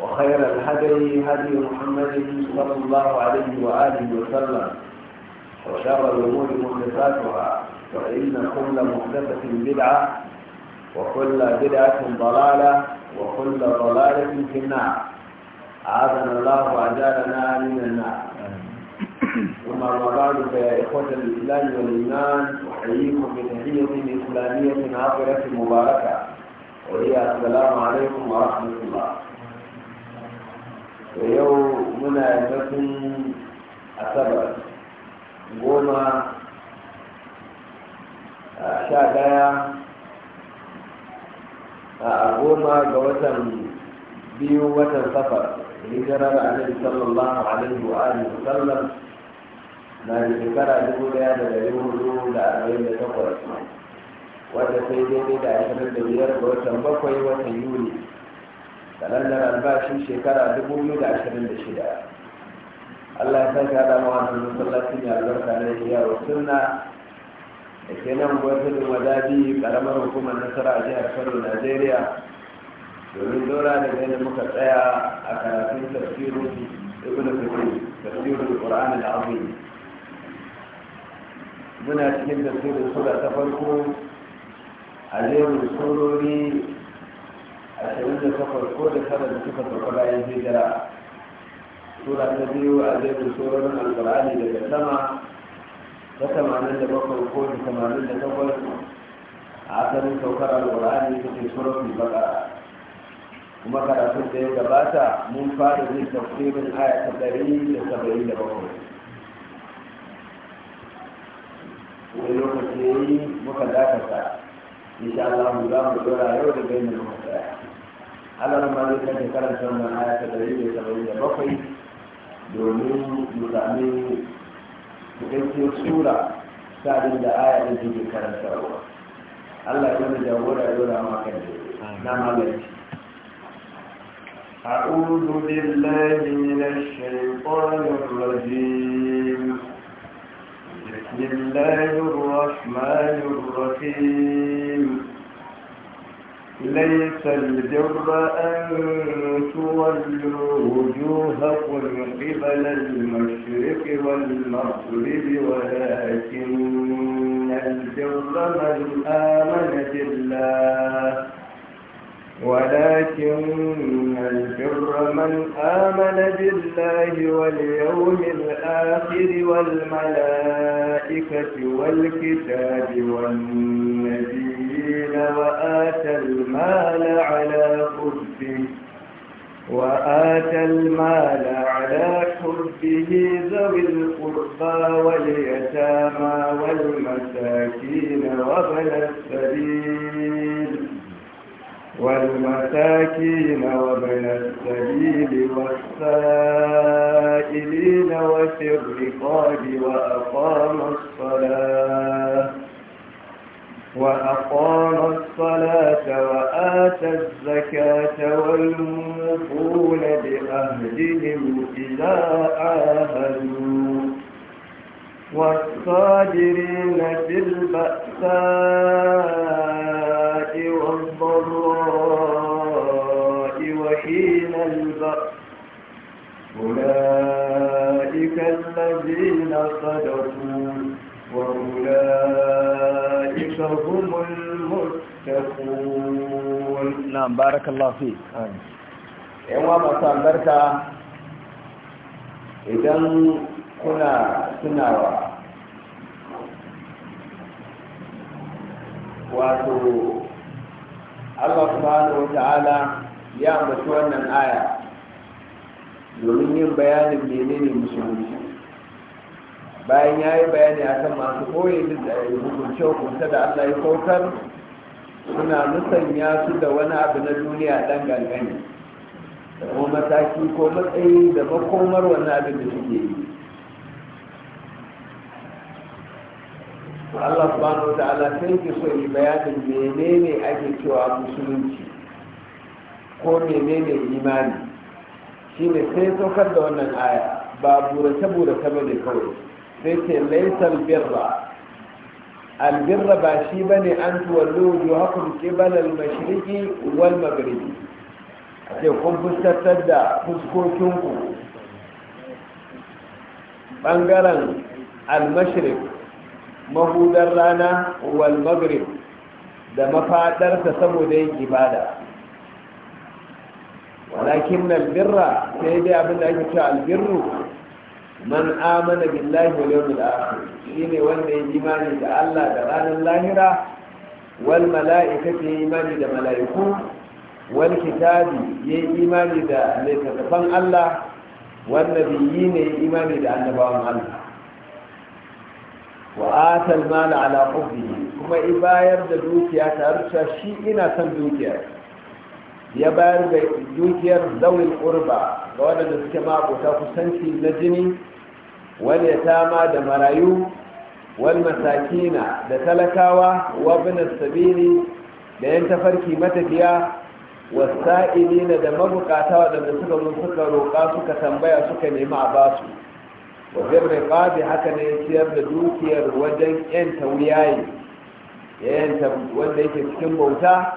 وخير الهدي هدي محمد صلى الله عليه وآله وسلم وشر الأمور محدثاتها فإن كل محدثة بدعة وكل بدعة ضلالة وكل ضلالة في النار أعاذنا الله وأجالنا من النار ثم أما بعد فيا إخوة الإسلام والإيمان أحييكم بتحية إسلامية عطرة مباركة وهي السلام عليكم ورحمة الله da yau muna nufin asabar goma a sha daya a goma ga watan biyu watan safar hijirar annabi sallallahu alaihi wa alihi wa sallam na da shekara dubu daya da dari hudu da arba'in da takwas wadda sai daidai da ashirin da biyar ga watan bakwai watan yuli da albashi shekara 2026 allah ya sake haɗa ma wannan masallacin ya albarka na yaro sunna da ke nan gwamnatin wadadi karamar hukumar nasara a jihar kano najeriya domin dora da gani muka tsaya a karatun tafsirin ibn fitri tafsirin qur'an al muna cikin tafsirin da ta farko a jerin surori أشعر كفر كل هذا بصفة القبائل في جلاء سورة تبيو أزيد سورة القرآن إذا سمع فتمانين لبقر كل ثمانين لكفر عسل سوكر القرآن في سورة البقرة kuma karatun da ya gabata mun fara zai tafsirin aya ta ɗari da saba'in da bakwai wani lokaci ya yi muka dakata insha Allah mu za mu dora yau da bayan lokaci Allah ma zai kan karanta wannan aya ta dari da saba'in da bakwai domin mu su kai sura ta abin da aya ɗin take karantarwa. Allah ya wani jagora ya wura ma kan na magarci. أعوذ بالله من الشيطان الرجيم بسم الله الرحمن الرحيم ليس البر أن تولوا وجوهكم قبل المشرق والمغرب ولكن البر من آمن بالله ولكن البر من آمن بالله واليوم الآخر والملائكة والكتاب والنبي السبيل وآتى المال على حبه وآتى المال على حبه ذوي القربى واليتامى والمساكين وابن السبيل والمساكين وابن السبيل والسائلين وفي الرقاب وأقام الصلاة وأقام الصلاة وآتى الزكاة والموفون بأهلهم إذا آهدوا والصادرين في البأساء والضراء وحين البأس أولئك الذين صدقوا وأولئك هم المتقون نعم بارك الله فيك idan kuna tunawa wato allah subhanahu wa ta'ala ya ambaci wannan aya domin yin bayanin menene musulunci bayan ya yi bayani akan masu koyi hukunce hukunta da allah ya kautar suna musanya su da wani abu na duniya dan gangane da kuma mataki ko matsayi da makomar wani abin da suke yi allah subhanahu wa ta'ala sai ke so yi bayanin menene ake cewa musulunci ko menene imani shine sai saukar da wannan aya ba burace-burace ba ne kawai sai ce laisar birra albirra ba shi ba ne an tuwallo wujuhakum qibalal mashriqi wal maghribi ce kun fuskantar da fuskokinku bangaren al-mashriq mahudar rana wal da mafaɗarsa saboda yin ibada walakin albirra sai dai abin da ake cewa albirru man amana billahi wal yawmil akhir shine wanda ya imani da Allah da ranar lahira wal mala'ikati ya imani da mala'iku wal kitabi ya imani da littattafan Allah wal nabiyyi ne ya imani da annabawan Allah wa atal mala ala kuma i bayar da dukiya tare shi ina son dukiyar ya bayar da dukiyar zawil qurba ga wadanda suke ma kusanci na jini wani tama da marayu wani masakina da talakawa wabinan sabili da yan tafarki matafiya na da mabukata waɗanda suka zo suka roƙa suka tambaya suka nemi a basu wajen riƙabi haka ne ciyar da dukiyar wajen yan tauyayi yanta wanda yake cikin bauta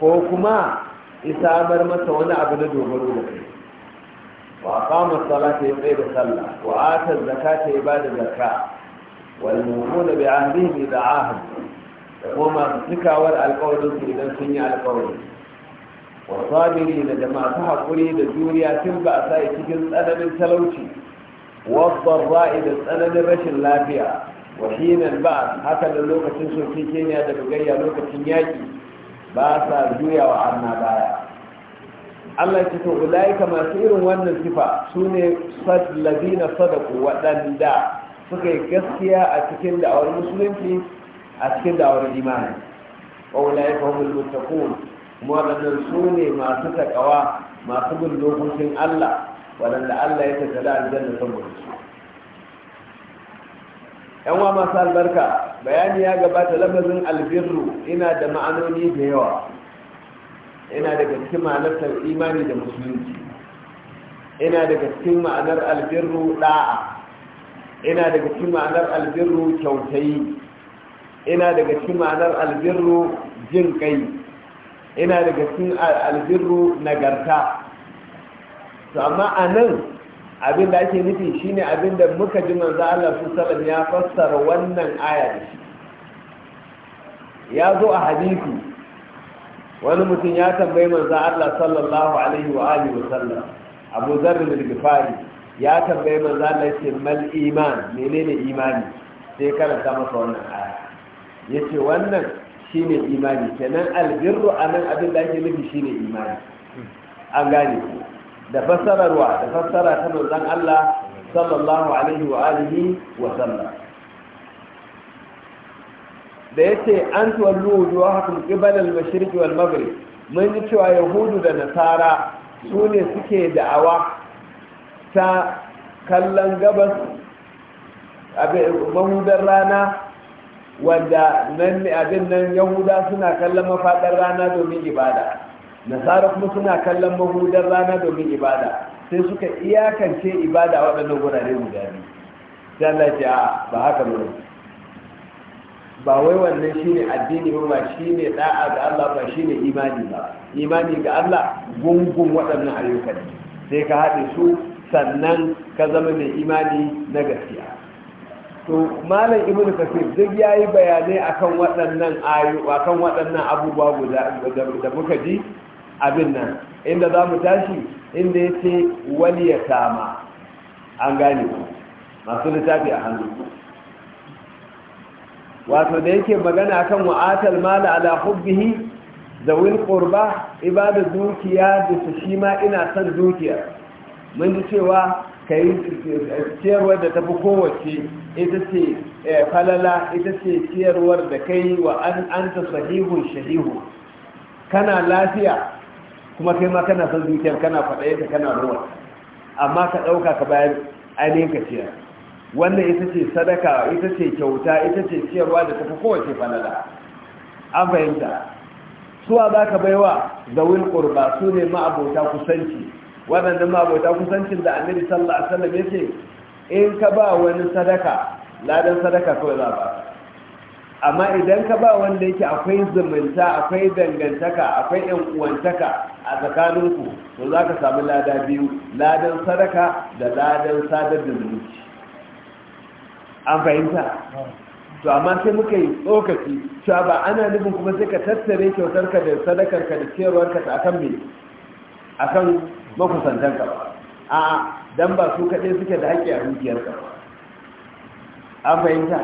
ko kuma isamar masa wani abu na dogaro da kai وأقام الصلاة يقيم صلى وآتى الزكاة عباد الزكاة والموفون بعهدهم إذا عاهدوا يقوم بسكاور القول في نفسه على القول والصابرين جماعة حقوري لجوريا تنبع سائتكم أنا من سلوتي والضراء إذا من رشن لافيا وحين البعض حتى للوقة تنسوا في كينيا دبقية لوقة تنياجي باسا جويا وعنا بايا Allah ya ce ulaika masu irin wannan sifa su ne sadladina sadaku waɗanda suka yi gaskiya a cikin da'awar musulunci a cikin da'awar imani wa ulaika humul muttaqun kuma waɗannan su ne masu takawa masu bin dokokin Allah waɗanda Allah ya tattala aljanna saboda su yan wa masu albarka bayani ya gabata lafazin albirru ina da ma'anoni da yawa Ina daga cikin ma'anar imani da musulunci Ina daga cikin ma'anar albirru da'a Ina daga cikin ma'anar albirru kyautayi Ina daga cikin ma'anar albirru jin kai Ina daga cikin albirru nagarta to amma a nan abin da ake nufi shine abin da muka ji manzo Allah su sallam ya fassara wannan aya da shi ya zo a hadisi wani mutum ya tambayi manzan Allah sallallahu alaihi wa alihi wa sallam Abu Dharr al ya tambayi manzan Allah ce mal iman ne imani sai karanta masa wannan aya ce wannan shi ne imani kenan albirru a nan abin da ake nufi ne imani an gane da fassararwa da fassara ta manzan Allah sallallahu alaihi wa alihi wa sallam da ce, an tuwallu wujuhakum qibala al-mashriq wal maghrib mun ji cewa yahudu da nasara su ne suke da'awa ta kallon gabas mahudar rana wanda nan abin nan yahuda suna kallon mafaɗar rana domin ibada nasara kuma suna kallon mahudar rana domin ibada sai suka iyakance ibada waɗannan gurare guda biyu sai Allah ya ce ba haka ne ba wai wannan shine addini ba ba shine da'a ga Allah ba shine imani ba imani ga Allah gungun waɗannan ayyuka sai ka haɗe su sannan ka zama mai imani na gaskiya to malam ibnu kasir duk yayi bayanai akan waɗannan ayu akan waɗannan abubuwa guda da muka ji abin nan inda za mu tashi inda ya ce wani ya sama an gane masu littafi a hannu wato da yake magana kan wa'atal mala ala hubbihi zawil qurba ibada dukiya da shi ma ina san dukiya mun ji cewa kai ciyarwar da tafi kowace ita ce eh, falala ita ce ciyarwar da kai wa an anta sahihun shahihu kana lafiya kuma kai ma kana son dukiyar kana faɗa yadda kana ruwa amma ka ɗauka ka bayan ainihin ka ciyar wannan ita ce sadaka ita ce kyauta ita ce ciyarwa da tafi kowace falala an fahimta suwa za ka baiwa zawil ƙurba su ne ma'abota kusanci waɗannan ma'abota kusancin da annabi sallallahu alaihi wasallam ya ce in ka ba wani sadaka ladan sadaka kawai za ba amma idan ka ba wanda yake akwai zumunta akwai dangantaka akwai yan uwantaka a tsakaninku to za ka samu lada biyu ladan sadaka da ladan sadar da zumunci an fahimta to amma sai muka yi tsokaci cewa ba ana nufin kuma sai ka tattare kyautar ka da sadakarka da ciyarwarka ta akan me akan makusantanka ba a dan ba su kaɗai suke da haƙƙi a dukiyarka ba an fahimta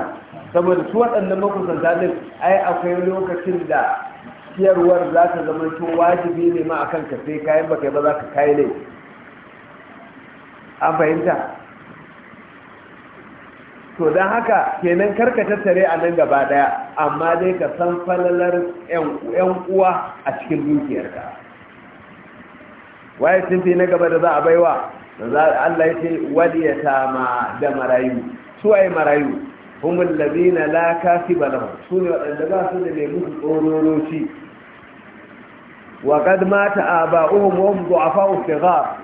saboda su waɗannan makusanta din ai akwai lokacin da ciyarwar za ta zama to wajibi ne ma akan ka sai kayan ba kai ba za ka kai ne an fahimta to don haka kenan karka tattare a nan gaba daya amma dai ka san falalar yan uwa a cikin dukiyarka waye sun fi na gaba da za a baiwa Allah ya ce waliyata ma da marayu su ai marayu humul ladina la kasiba su ne waɗanda ba su da mai musu tsororoci wa kad mata aba'uhum wa hum du'afa'u fi ghar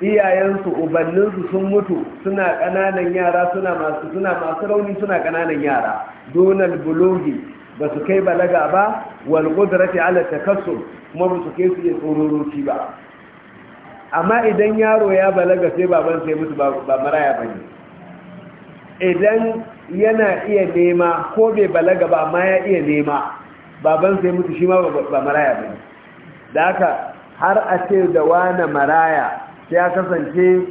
iyayensu ubanninsu sun mutu suna ƙananan yara suna masu suna masu rauni suna ƙananan yara donal bulogi ba su kai balaga ba wal qudrati ala takassum kuma ba su kai su yin tsororoci ba amma idan yaro ya balaga sai baban sai mutu ba maraya ba ne idan yana iya nema ko bai balaga ba amma ya iya nema baban sai mutu shi ma ba maraya ba ne. da haka har a ce da wani maraya ya kasance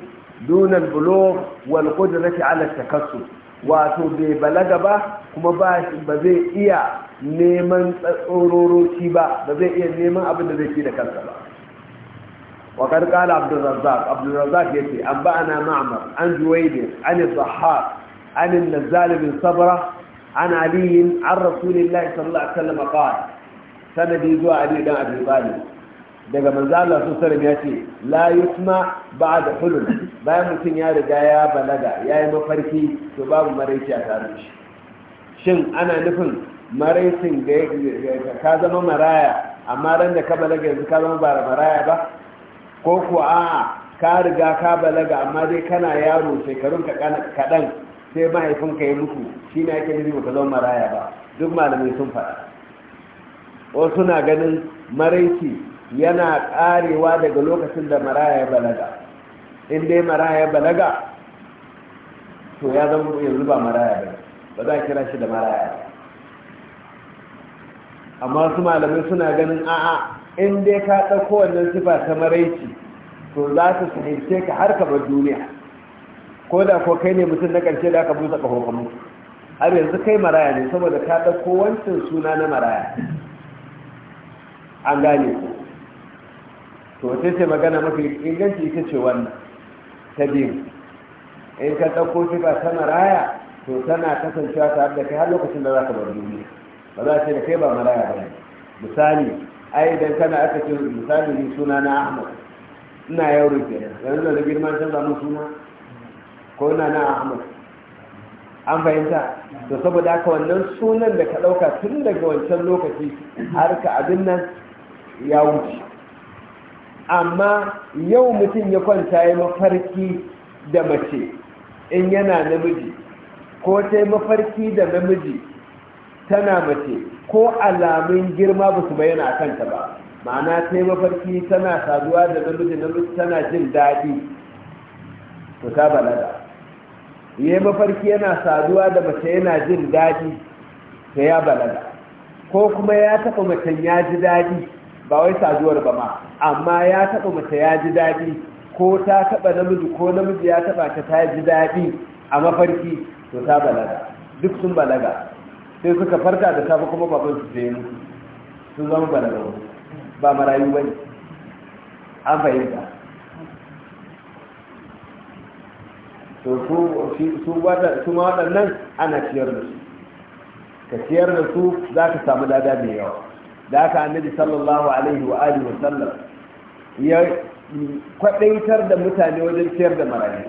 dunan bulo wal kudrati ala takassu wato bai balaga ba kuma ba ba zai iya neman tsororoki ba ba zai iya neman abin da zai ci da kansa ba wa kad qala abdur razzaq abdur razzaq yace an ba'ana ma'mar an juwaydi an zahhar an nazal bin sabra an ali an rasulillahi sallallahu alaihi wasallam qala sanadi zuwa ali dan abi daga manzo Allah su sallam ya ce la ba da hulul bayan mutum ya riga ya balaga ya yi mafarki to babu maraici a tare shi shin ana nufin maraicin da ka zama maraya amma ran da ka balaga yanzu ka zama ba maraya ba ko ko a'a ka riga ka balaga amma dai kana yaro shekarun kaɗan sai mahaifinka ya muku. shi ne ake nufin ka zama maraya ba duk malamai sun faɗa wasu na ganin maraici yana karewa daga lokacin da maraya ya balaga in dai maraya ya balaga to ya zama yanzu ba maraya ba ba za a kira shi da maraya amma su malamai suna ganin a'a in dai ka ɗauko wannan sifa ta maraici to za su fahimce ka har ka bar duniya ko da ko kai ne mutum na ƙarshe da aka busa ƙaho ka har yanzu kai maraya ne saboda ka ɗauko wancan suna na maraya an gane ku to sai sai magana mafi inganci ita ce wannan ta biyu in ka ɗauko ba ta maraya to tana kasancewa tare da kai har lokacin da za ka bar duniya ba za ce da kai ba maraya ba ne misali ai idan kana aka ce misali ni suna na ahmad ina yau rufe yanzu da girman canza mun suna ko na na ahmad an fahimta to saboda haka wannan sunan da ka ɗauka tun daga wancan lokaci har ka abin nan ya wuce amma yau mutum ya kwanta ya mafarki da mace in yana namiji ko ta mafarki da namiji tana mace ko alamun girma ba su bayyana a kanta ba ma'ana ta mafarki tana saduwa da namiji namiji tana jin daɗi to ta balaga ya mafarki yana saduwa da mace yana jin daɗi ta ya balaga ko kuma ya taɓa macen ya ji daɗi ba wai saduwar ba ma amma ya taba mace ya ji daɗi ko ta taba namiji ko namiji ya taba ta ta ji daɗi a mafarki to ta balaga duk sun balaga sai suka farka da safe kuma baban su je mutu sun zama balaga ba marayu bane an fahimta to su ma waɗannan ana ciyar da su ka ciyar da su za ka samu lada mai yawa da aka annabi sallallahu alaihi wa alihi wa sallam ya kwadaitar da mutane wajen ciyar da marayu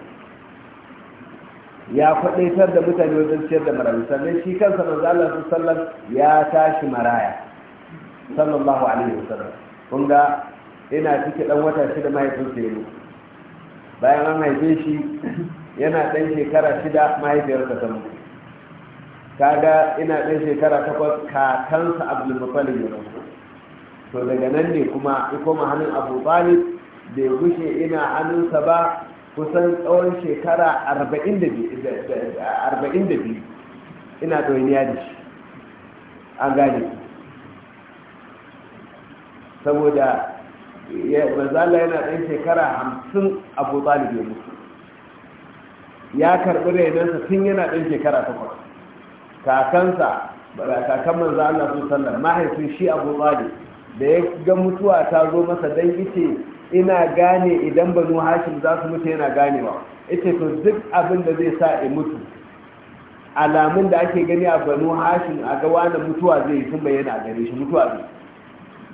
ya kwadaitar da mutane wajen ciyar da marayu sannan shi kansa manzo Allah sallallahu ya tashi maraya sallallahu alaihi wa sallam kun ga ina cike dan wata shida mahaifinsa ya mutu bayan an haife shi yana dan shekara shida mahaifiyarsa ta mutu kaga ina ɗan shekara takwas kakansa abdulmuttalib ya rasu to daga nan ne kuma ya koma hannun abu talib bai gushe ina hannunsa ba kusan tsawon shekara arba'in da biyu ina ɗoyiniya da shi an gane saboda manzala yana ɗan shekara hamsin abu talib ya mutu ya karɓi rainansa tun yana ɗan shekara takwas kakansa kakan manzo Allah su sallar mahaifin shi abu tsali da ya ga mutuwa ta zo masa dan ice ina gane idan banu hashim za su mutu yana ganewa ita to duk abin da zai sa in mutu alamun da ake gani a banu hashim a ga wani mutuwa zai yi sun bayyana gare shi mutuwa zai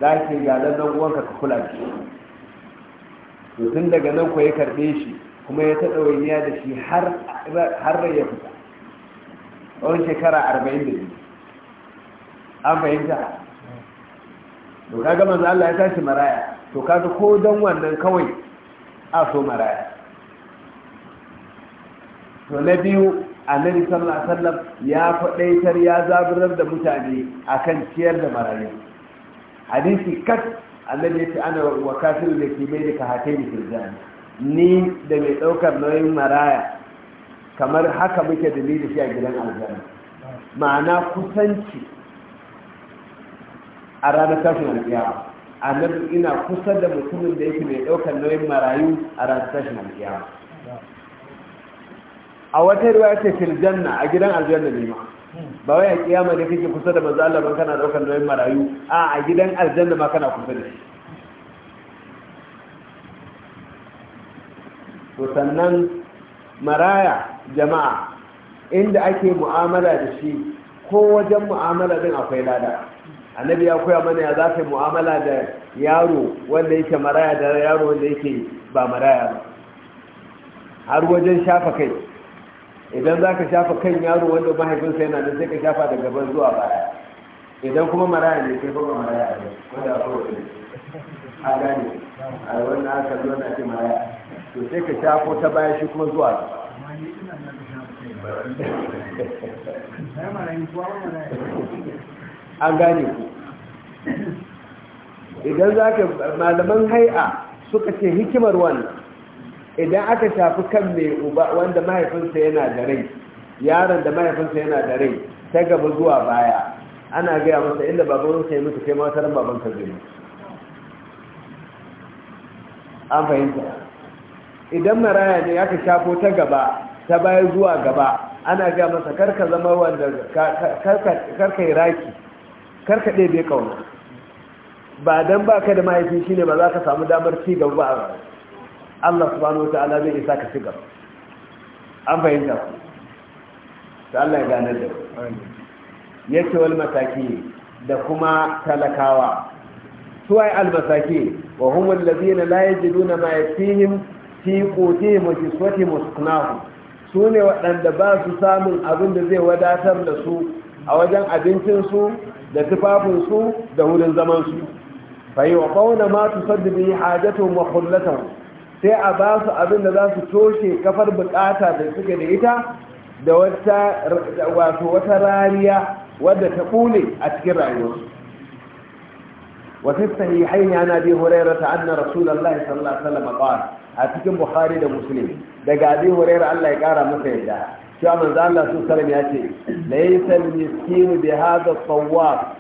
za ke galan nan uwanka ka kula da shi to tun daga nan ko ya karbe shi kuma ya ta niyya da shi har rai ya fita tsawon shekara arba'in da biyu an fahimta to kaga manzo Allah ya tashi maraya to kaga ko dan wannan kawai a so maraya to na biyu annabi sallallahu alaihi wasallam ya faɗaitar ya zaburar da mutane akan ciyar da marayu hadisi kat annabi ya ce ana wa kafir da ke mai da ka hatai ni ni da mai ɗaukar nauyin maraya kamar haka muke da da shi a gidan aljanna ma'ana kusanci a ranar tashin alkiyama nan ina kusa da mutumin da yake mai daukar nauyin marayu a ranar tashin alkiyama a wata riwaya ce fil a gidan aljanna ne ma ba wai a kiyama ne kake kusa da manzo Allah kana daukar nauyin marayu a a gidan aljanna ma kana kusa da shi to sannan maraya jama'a inda ake mu'amala da shi ko wajen mu'amala din akwai lada annabi ya koya mana ya za ka mu'amala da yaro wanda yake maraya da yaro wanda yake ba maraya ba har wajen shafa kai idan za ka shafa kan yaro wanda mahaifinsa yana da sai ka shafa da gaban zuwa baya idan kuma maraya ne sai kuma maraya ne wanda a kowace a gani a wannan aka zo na ce maraya to sai ka shafo ta baya shi kuma zuwa an gane ku idan za ka malaman hai'a suka ce hikimar wani idan aka shafi kan mai uba wanda mahaifinsa yana da rai yaron da mahaifinsa yana da rai ta gaba zuwa baya ana gaya masa inda babansa ya mutu kai mataran babansa zai an fahimta idan maraya ne aka shafo ta gaba ta baya zuwa gaba ana ga masa karka zama wanda karka yi raki karka ɗebe kauna ba don ba ka da mahaifin shi ne ba za ka samu damar ci gaba ba Allah subhanahu wa ta'ala zai isa ka ci gaba an fahimta ku ta Allah ya ganar da ya ce wal mataki da kuma talakawa suwaye almasaki wa humul ladina la yajiduna ma yasihim fi kote mafi swati muskunahu su ne waɗanda ba su samun abin da zai wadatar da su a wajen abincinsu da tufafinsu da wurin zamansu fayi wa ƙauna ma su sadda bi hajjatun makullatan sai a ba su abin da za su toshe kafar buƙata da suke da ita da wata rariya wadda ta ƙule a cikin rayuwarsu وفي الصحيحين عن ابي هريره ان رسول الله صلى الله عليه وسلم قال a cikin bukhari da muslim daga abi hurairah Allah ya kara masa yadda cewa manzo Allah su sallam ya ce laysa miskin bi hadha tawwab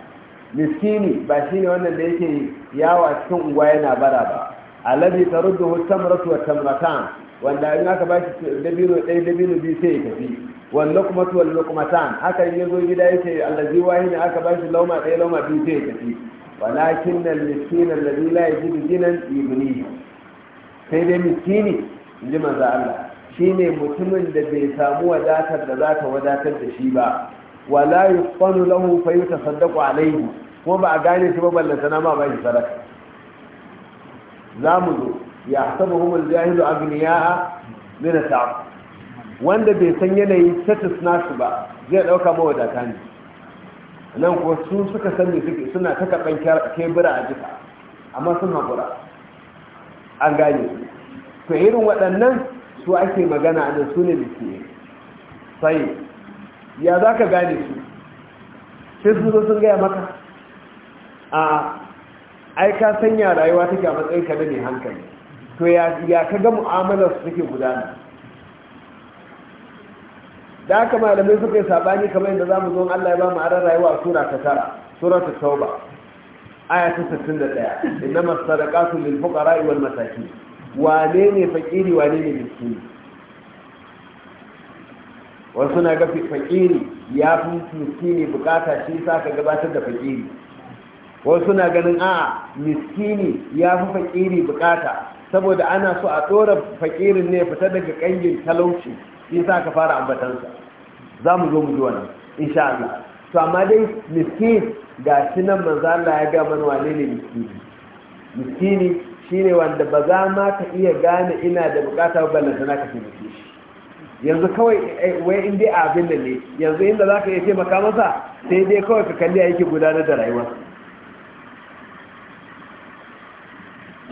miskini ba shine wannan da yake yawo a cikin unguwa yana bara ba alladhi tarudduhu tamratu wa tamratan wanda in aka bashi dabino ɗaya dabino biyu sai ya tafi wal luqmatu wal luqmatan haka in yazo gida yake allazi wahina aka bashi lauma ɗaya lauma biyu sai ya tafi walakin al miskin alladhi la yajidu ginan yubnihi sai dai miskini in ji manzo Allah shine mutumin da bai samu wadatar da za ta wadatar da shi ba wala yusqanu lahu fa yutasaddaqu alayhi kuma ba a gane shi ba ballanta na ma ba shi sadaka zamu zo ya hasabuhum aljahilu agniya'a min al wanda bai san yanayin status nasu ba zai dauka mawadata ne nan ko su suka san suke suna ta kaban kebura a jika amma sun hakura an gane su to irin waɗannan su ake magana a nan su ne miskini sai ya za ka gane su sai su zo sun gaya maka a aika sanya rayuwa take a matsayin ka da mai hankali to ya ka ga mu'amalar su suke gudana da aka malamai suka yi sabani kamar yadda za mu zo Allah ya ba mu aran rayuwa a sura ta tara sura ta tauba aya ta 61 innama sadaqatu lil fuqara wal masakin wane ne fakiri wane ne miskini wasu na ga fakiri ya fi miskini bukata shi sa ka gabatar da fakiri wasu na ganin a miskini ya fi fakiri bukata saboda ana so a tsora fakirin ne fita daga kangin talauci shi sa ka fara ambatansa za mu zo mu ji wannan insha Allah to amma dai miskin ga shi nan manzo Allah ya ga mana wane ne miskini miskini shine wanda ba za ma ka iya gane ina da bukata ba balanta na ka tafi shi yanzu kawai eh, wai in dai abin da ne yanzu inda za ka iya taimaka masa sai dai kawai ka kalli a yake gudanar da rayuwa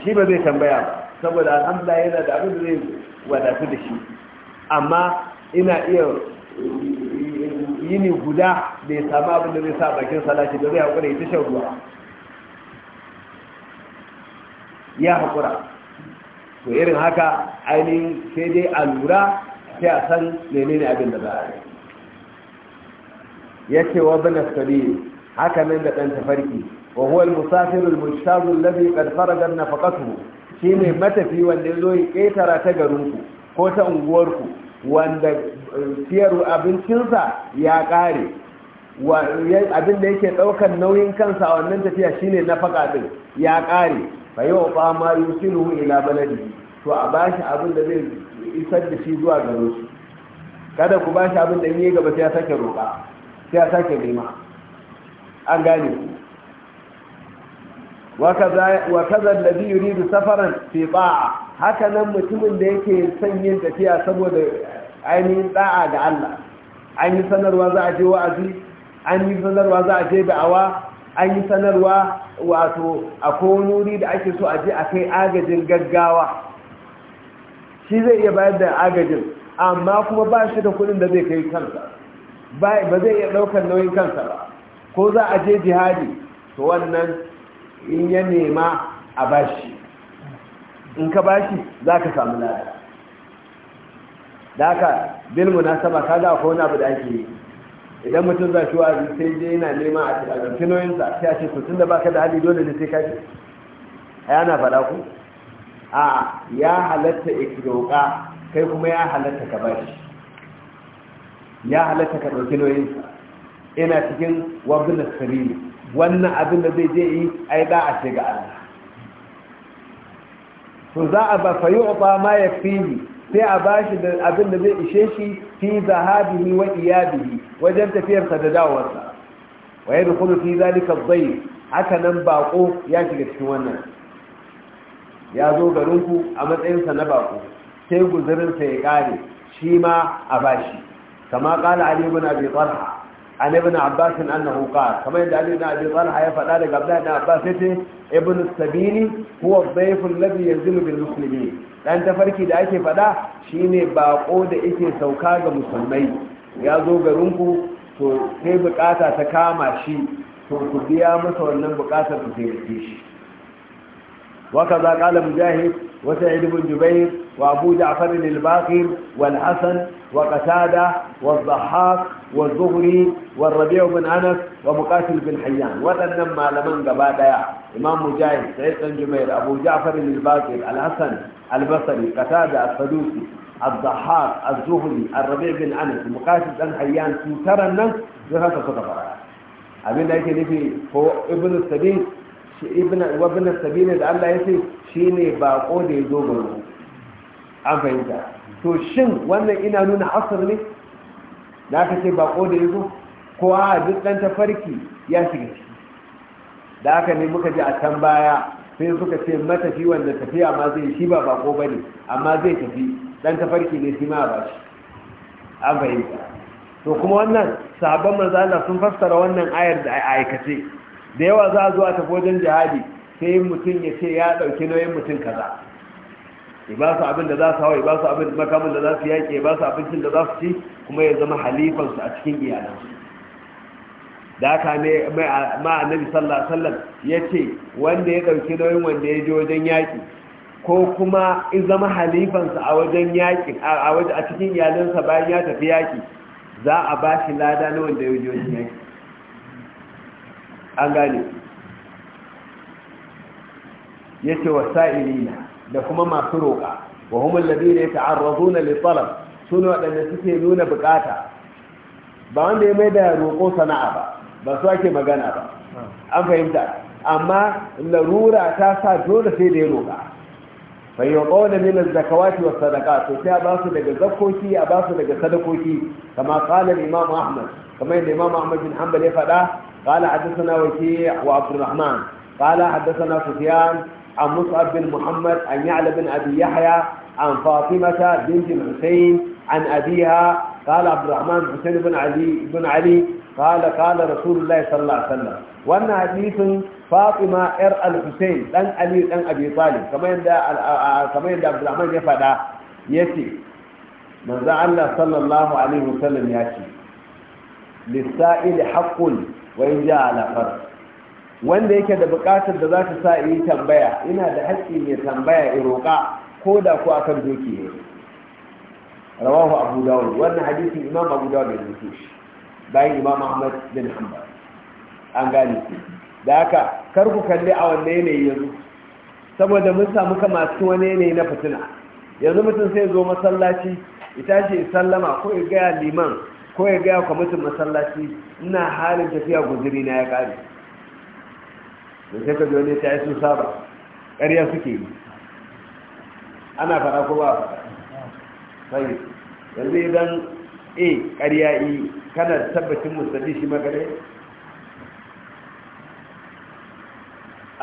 shi ba zai tambaya ba saboda alhamdulillah yana da abin da zai wadatu da shi amma ina iya Yi ne guda da ya samu abin da zai sa bakin salati da zai haƙura ya ta shan ruwa ya haƙura to irin haka ainihin sai dai a lura sai a san menene abin da za a yi ya ce wa bin asali haka nan da ɗan tafarki wa huwa al-musafir al-mujtaz alladhi qad faraga nafaqatuhu shine matafi wanda yazo ya ketara ta garinku ko ta unguwarku wanda siyar abincinsa ya ƙare abin da yake ɗaukar nauyin kansa a wannan tafiya shine na faƙa ɗin ya ƙare fa yau ba ma yusiru ila baladi to a bashi abin da zai isar da shi zuwa gare shi. kada ku bashi abin da in yi gaba sai ya sake roƙa sai ya sake nema an gane ku wa kaza alladhi yuridu safaran fi ta'a haka nan mutumin da yake son yin tafiya saboda ainihin da'a ga Allah an yi sanarwa za a je wa'azi an yi sanarwa za a je da'awa an yi sanarwa wato a wuri da ake so a je a kai agajin gaggawa shi zai iya bayar da agajin amma kuma ba shi da kudin da zai kai kansa ba zai iya daukar nauyin kansa ba ko za a je jihadi to wannan in ya nema a bashi in ka bashi za ka samu lada da haka bil munasaba kaga akwai wani abu da ake yi idan mutum za shi wa'azi sai je yana neman a cikin sa sai a ce to tunda baka da hali dole ne sai ka ji ai ana faɗa ku a ya halatta ikiroka kai kuma ya halatta ka bashi ya halatta ka ɗauki sa ina cikin wabin da wannan abin da zai je yi ai da a ce ga Allah to za a ba fayu ba ma ya fili sai a bashi da abin da zai ishe shi fi zahabihi wa iyadihi wajen tafiyarsa da dawowarsa wa yadkhulu fi zalika zai dhayf haka nan bako ya shiga cikin wannan ya zo garin ku a matsayinsa na bako sai guzurinsa ya kare shi ma a bashi kama kala ali ibn abi talha an ibn abbas annahu qala kama yadda ali ibn abi talha ya faɗa daga abdullah ibn abbas yace ibn sabili huwa dhayf alladhi yanzilu bil muslimin Ɗan tafarki da ake fada shine baƙo da yake sauka ga musulmai ya zo garinku to sai bukata ta kama shi to ku biya masa wannan bukatar ku sai shi waka za kala mujahid wa sa'id ibn jubair wa abu ja'far al baqir wal hasan wa qatada wa dhahhak wa zuhri anas wa muqatil bin hayyan Waɗannan malaman gaba ɗaya. imam mujahid sai dan jumair abu ja'far al-baqir al-hasan al-basri qatada as-sadusi az-zahhar az-zuhri ar-rabi' bin anas muqatil dan hayyan tutaran nan zai haka suka fara abin da yake nufi ko ibnu sabil shi ibnu wa ibnu sabil da Allah ya yace shine bako da yazo gurin an fahimta to shin wannan ina nuna asr ne da aka ce bako da yazo ko a duk dan tafarki ya shiga shi. da haka ne muka ji a can baya sai suka ce matafi wanda tafiya ma zai shi ba bako ba ne amma zai tafi dan tafarki ne shi ma ba shi an fahimta to kuma wannan sahabban manzo Allah sun fassara wannan ayar da aikace da yawa za a zo a tafi wajen jihadi sai mutum ya ce ya dauki nauyin mutum kaza ya ba su abin da za su hawa ya ba su abin makamin da za su yaƙi ya ba su abincin da za su ci kuma ya zama halifansu a cikin iyalansu da aka ne ma annabi sallallahu ya ce, wanda ya ɗauki nauyin wanda ya ji wajen yaƙi, ko kuma in zama halifansa a wajen yaƙi a cikin iyalinsa bayan ya tafi yaƙi, za a bashi lada na wanda ya ji wajen yaƙi. an gane yace wasa'ilina da kuma masu roƙa wa humul ladina yata'arrazuna na talab suna waɗanda suke nuna bukata ba wanda ya mai da roƙo sana'a ba ba su ake magana ba an fahimta amma larura ta sa dole sai da ya roƙa fa yi ƙauna milar zakawati wa sadaka to sai a ba su daga zakoki a ba su daga sadakoki kama ƙalar imam ahmad kamar yadda imam ahmad bin hanbal ya faɗa قال حدثنا وكيع وعبد الرحمن قال حدثنا سفيان عن مصعب بن محمد عن يعلى بن أبي يحيى عن فاطمة بنت الحسين عن أبيها قال عبد الرحمن حسين بن علي بن علي قال قال رسول الله صلى الله عليه وسلم وانا حديث فاطمة ار الحسين دان علي دان ابي طالب كما يندى كما يندى عبد الرحمن يفدا يتي من الله صلى الله عليه وسلم ياتي للسائل حق وان جاء على فرض wanda yake da bukatar da za ta sa yi tambaya ina da haƙƙi mai tambaya in roƙa ko da ko akan doki ne rawahu abu dawud wannan hadisin imam abu dawud ya rubuto shi bayan imam ahmad bin hanbal an gane da haka kar ku kalli a wanne yanayi yanzu saboda mun samu kama cikin wani yanayi na fitina yanzu mutum sai zo masallaci tashi ya sallama ko ya gaya liman ko ya gaya kwamitin masallaci ina halin tafiya guziri na ya kare da sai ka jone ta yi sun saba ƙarya suke yi ana fara ko ba faɗa yanzu idan a eh, ƙarya yi kana tabbacin musulmi shi magare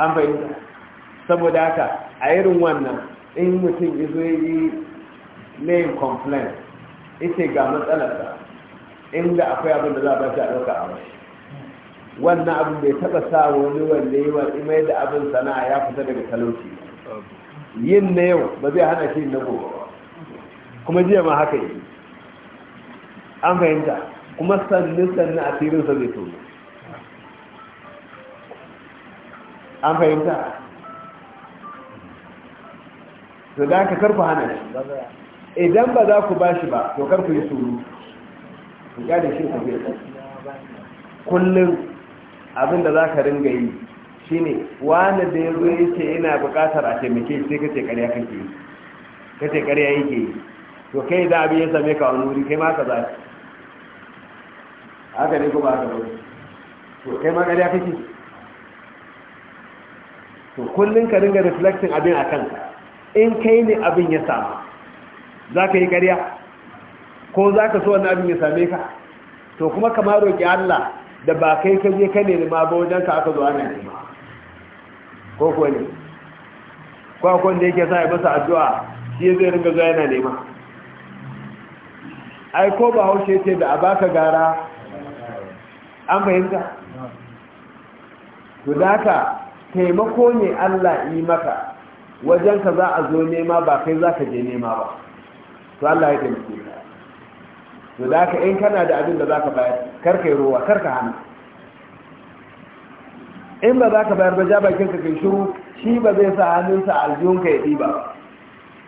an bayyana saboda haka a irin wannan in mutum izo yi layin complaint ita ga matsalarsa inda akwai abin da za a ba shi a ɗauka a wani wannan abin bai taɓa sa wani wanda yi wani mai da abin sana'a ya fita daga talauci yin na yau ba zai hana shi na gobe kuma jiya ma haka yi an fahimta kuma a sannu asirinsa zai tono an fahimta su da aka karku hana shi idan ba za ku ba shi ba to karku yi suru su gane shi ku zai kullum abinda za ka ringa yi shi ne wani da ya zo ce yana bukatar a taimake sai ka ce karya kake yi ka ce karya yake yi to kai da abin ya same ka wani wuri kai ma ka za haka ne kuma haka ne to kai ma ƙarya kake to kullun ka ringa reflecting abin a kanka in kai ne abin ya samu za ka yi ƙarya ko za ka so wani abin ya same ka to kuma kama roƙi Allah da ba kai ka je ka nemi ma ba wajen ka aka zo ana nema ko ko ne ko akwai da yake sa ya masa addu'a shi zai ringa zuwa yana nema ai ko ba haushe ce da a baka gara an fahimta ku da taimako ne Allah yi maka wajen ka za a zo nema ba kai za ka je nema ba to Allah ya taimake ka to da haka in kana da abin da za ka bayar karka yi ruwa karka hannu in ba za ka bayar ba ja bakin ka kai shiru shi ba zai sa hannunsa aljihunka ya ɗiba ba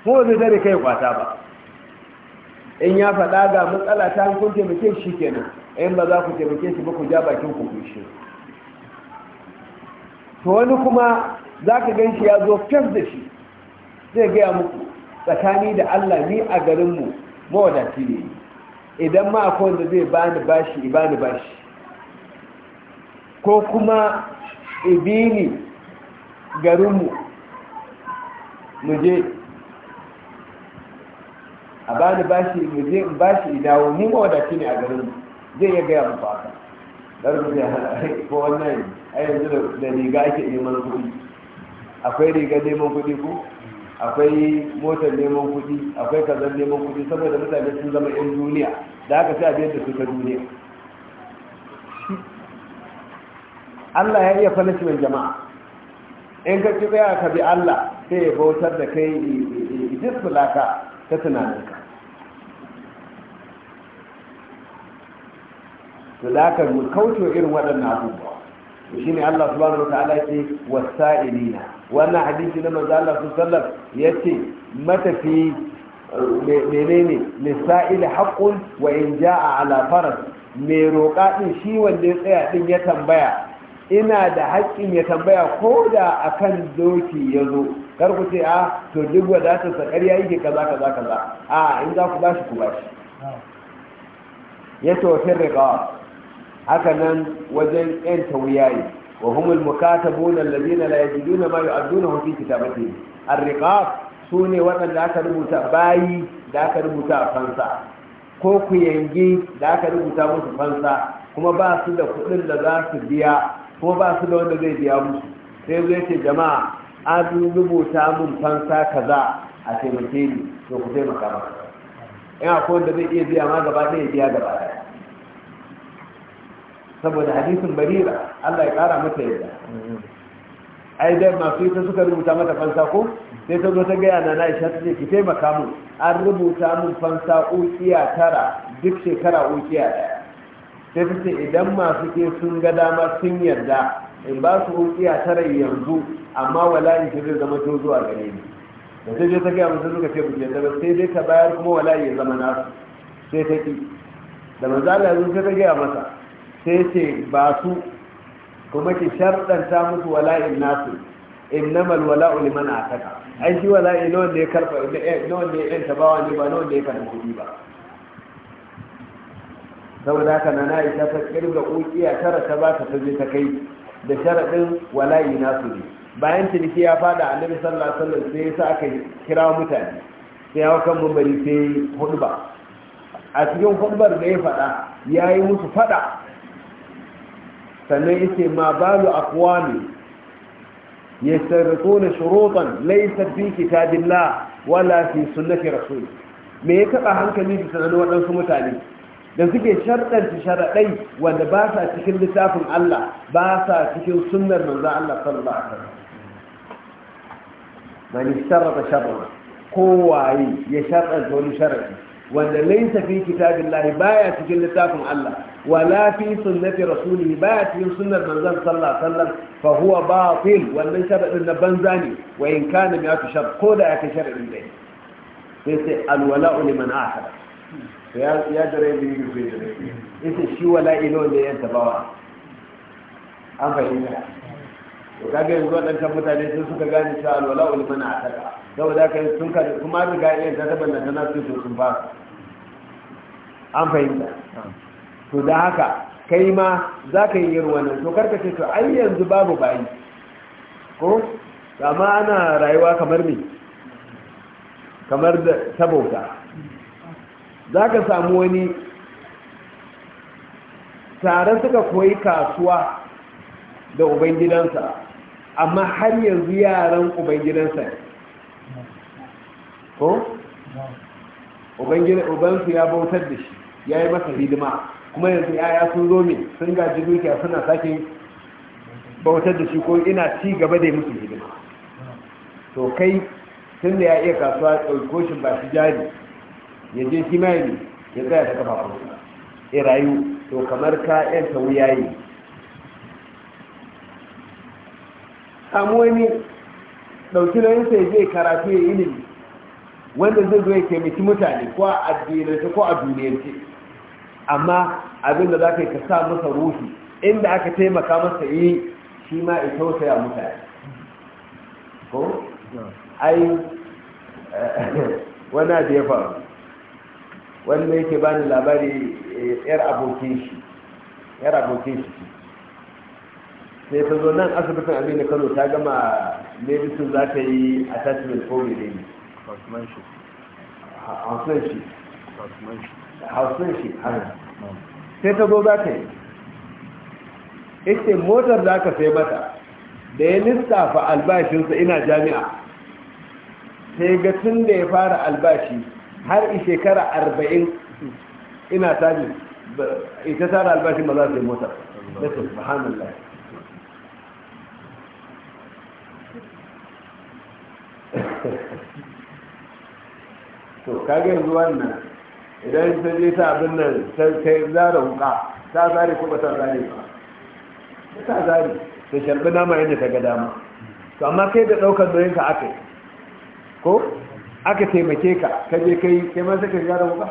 ko zai tare kai kwata ba in ya faɗa ga matsala ta hukunce mutum shi kenan in ba za ku taimake shi ba ku ja bakin ku kushe to wani kuma za ka gan shi ya zo fes da shi zai gaya muku tsakani da allah ni a garinmu mawadaci ne idan ma akwai wanda zai bani bashi ibani bashi ko kuma ibini garinmu mu je a bani bashi mu je in bashi idawo ni mawadaci ne a garinmu zai ya gaya musu haka ɗarfi zai hana ko wannan a yanzu da riga ake neman kuɗi akwai riga neman kuɗi ko akwai motar neman kuɗi akwai kazan neman kuɗi saboda mutane sun zama 'yan duniya da aka sai a biyar da su ta duniya Allah ya iya punishment jama'a in ka ci tsaya ka bi Allah sai ya bautar da kai jisulaka ta tunaninka to da haka mu kauce irin waɗannan abubuwa shi ne Allah subhanahu wa ce wasa'ilina wannan hadisi na manzo Allah sallallahu yace matafi menene lisa'il haqqun wa in jaa ala faras me roƙa din shi wanda ya tsaya din ya tambaya ina da haƙƙin ya tambaya ko da akan doki ya zo kar ku ce a to duk wadatar sa ƙarya yake kaza kaza kaza a in za ku bashi ku bashi ya tofin riƙawa haka nan wajen yanta wuyaye wa humul mukatabun allazina la yajiduna ma yu'addunahu fi kitabatihi ar-riqab sune waɗanda aka rubuta bayi da aka rubuta a fansa ko ku yange da aka rubuta musu fansa kuma ba su da kuɗin da za su biya kuma ba su da wanda zai biya musu sai zai ce jama'a an rubuta mun fansa kaza a taimake ni to ku taimaka maka ina ko wanda zai iya biya ma gaba ɗaya biya gaba ɗaya saboda hadisin barira Allah ya kara mata yadda ai dai masu ita suka rubuta mata fansa ko sai ta zo ta gaya na na isha ta ce ki taimaka mu an rubuta mun fansa ukiya tara duk shekara ukiya daya sai ta ce idan masu ke sun ga dama sun yarda in ba su ukiya tara yanzu amma wala in zai zama to zuwa gare ni da sai dai ta gaya musu suka ce buje ba sai dai ta bayar kuma wala ya zama nasu sai ta ki da manzo Allah sai ta gaya masa sai ce ba su kuma ki sharɗanta musu wala'in nasu innamal wala'u liman ataka ai shi wala'i na wanda ya karfa na eh, wanda ya yanta bawa ne ba na wanda ya karfa kudi ba saboda haka na Aisha ta kirga ukiya tara ta ba ta taje ta kai da sharaɗin wala'i nasu ne bayan ciniki ya fada a sallallahu alaihi wasallam sai sa aka kira mutane sai ya kan mumbari sai hudba a cikin hudbar da ya faɗa ya yi musu faɗa sannan yace ma balu aqwami yastarquna shurutan laysa fi kitabillah wala fi sunnati rasul me ya taɓa hankali da sanan wadansu mutane da suke sharɗanta sharaɗai wanda ba sa cikin littafin Allah ba sa cikin sunnar manzo Allah sallallahu alaihi wasallam man sharata sharra kowaye ya sharɗanta wani sharaɗi wanda laysa fi kitabillah baya cikin littafin Allah wala fi sunnati rasuli baya cikin sunnar manzon sallallahu alaihi wasallam fa huwa batil wannan sharadin na banza ne wa in kana ya tu shar ko ya kai sharadin dai sai sai alwala'u liman ahada to ya ya dare bi bi bi sai shi wala'i ne wanda ya an fahimta to kaga yanzu wadannan mutane sun suka gane cewa alwala'u liman ahada saboda kai sun ka kuma riga iya ta sun an fahimta to da haka kai ma za ka yi yin wannan to karka ce to ai yanzu babu bayi ko amma ana rayuwa kamar ne kamar da sabauta za ka samu wani tare suka koyi kasuwa da ubangidansa amma har yanzu yaran ubangidansa ko? ubansu ya bautar da shi ya yi masa hidima kuma yanzu yaya sun zo min sun gaji dukiya suna sake bautar da shi ko ina ci gaba da yi musu hidima to kai tun da ya iya kasuwa ɗauko shi ba shi jari ya je shi mai ya tsaya ta kafa kuma ya rayu to kamar ka yanta wuya yi samu wani ɗauki yin sai zai karatu ya ilimi wanda zai zo ya taimaki mutane ko a addinance ko a duniyance amma abin da za ka yi ka sa masa ruhi inda aka taimaka masa yi shi ma ya tausaya mutane ko? ai eh, wani da ya faru wanda yake ba ni labari eh, yar abokin shi yar abokin shi sai ta zo nan asibitin aminu kano ta gama medicine za ta yi attachment ko mene ne shi hausun shi sai ta zo za ta yi ita motar za ka sai mata da ya lissafa albashinsa ina jami'a sai ga tun da ya fara albashi har i shekara arba'in ina tabi ita tara albashin ba za ta yi motar da su subhanallah to kage yanzu wannan idan ta je ta abin nan ta zara wuka ta zari ko ba ta zari ba ta zari, ta sharbi nama yadda ta ga dama to amma kai da ɗaukar doyin ka aka ko aka taimake ka ka je kai kai ma sai ka zara wuka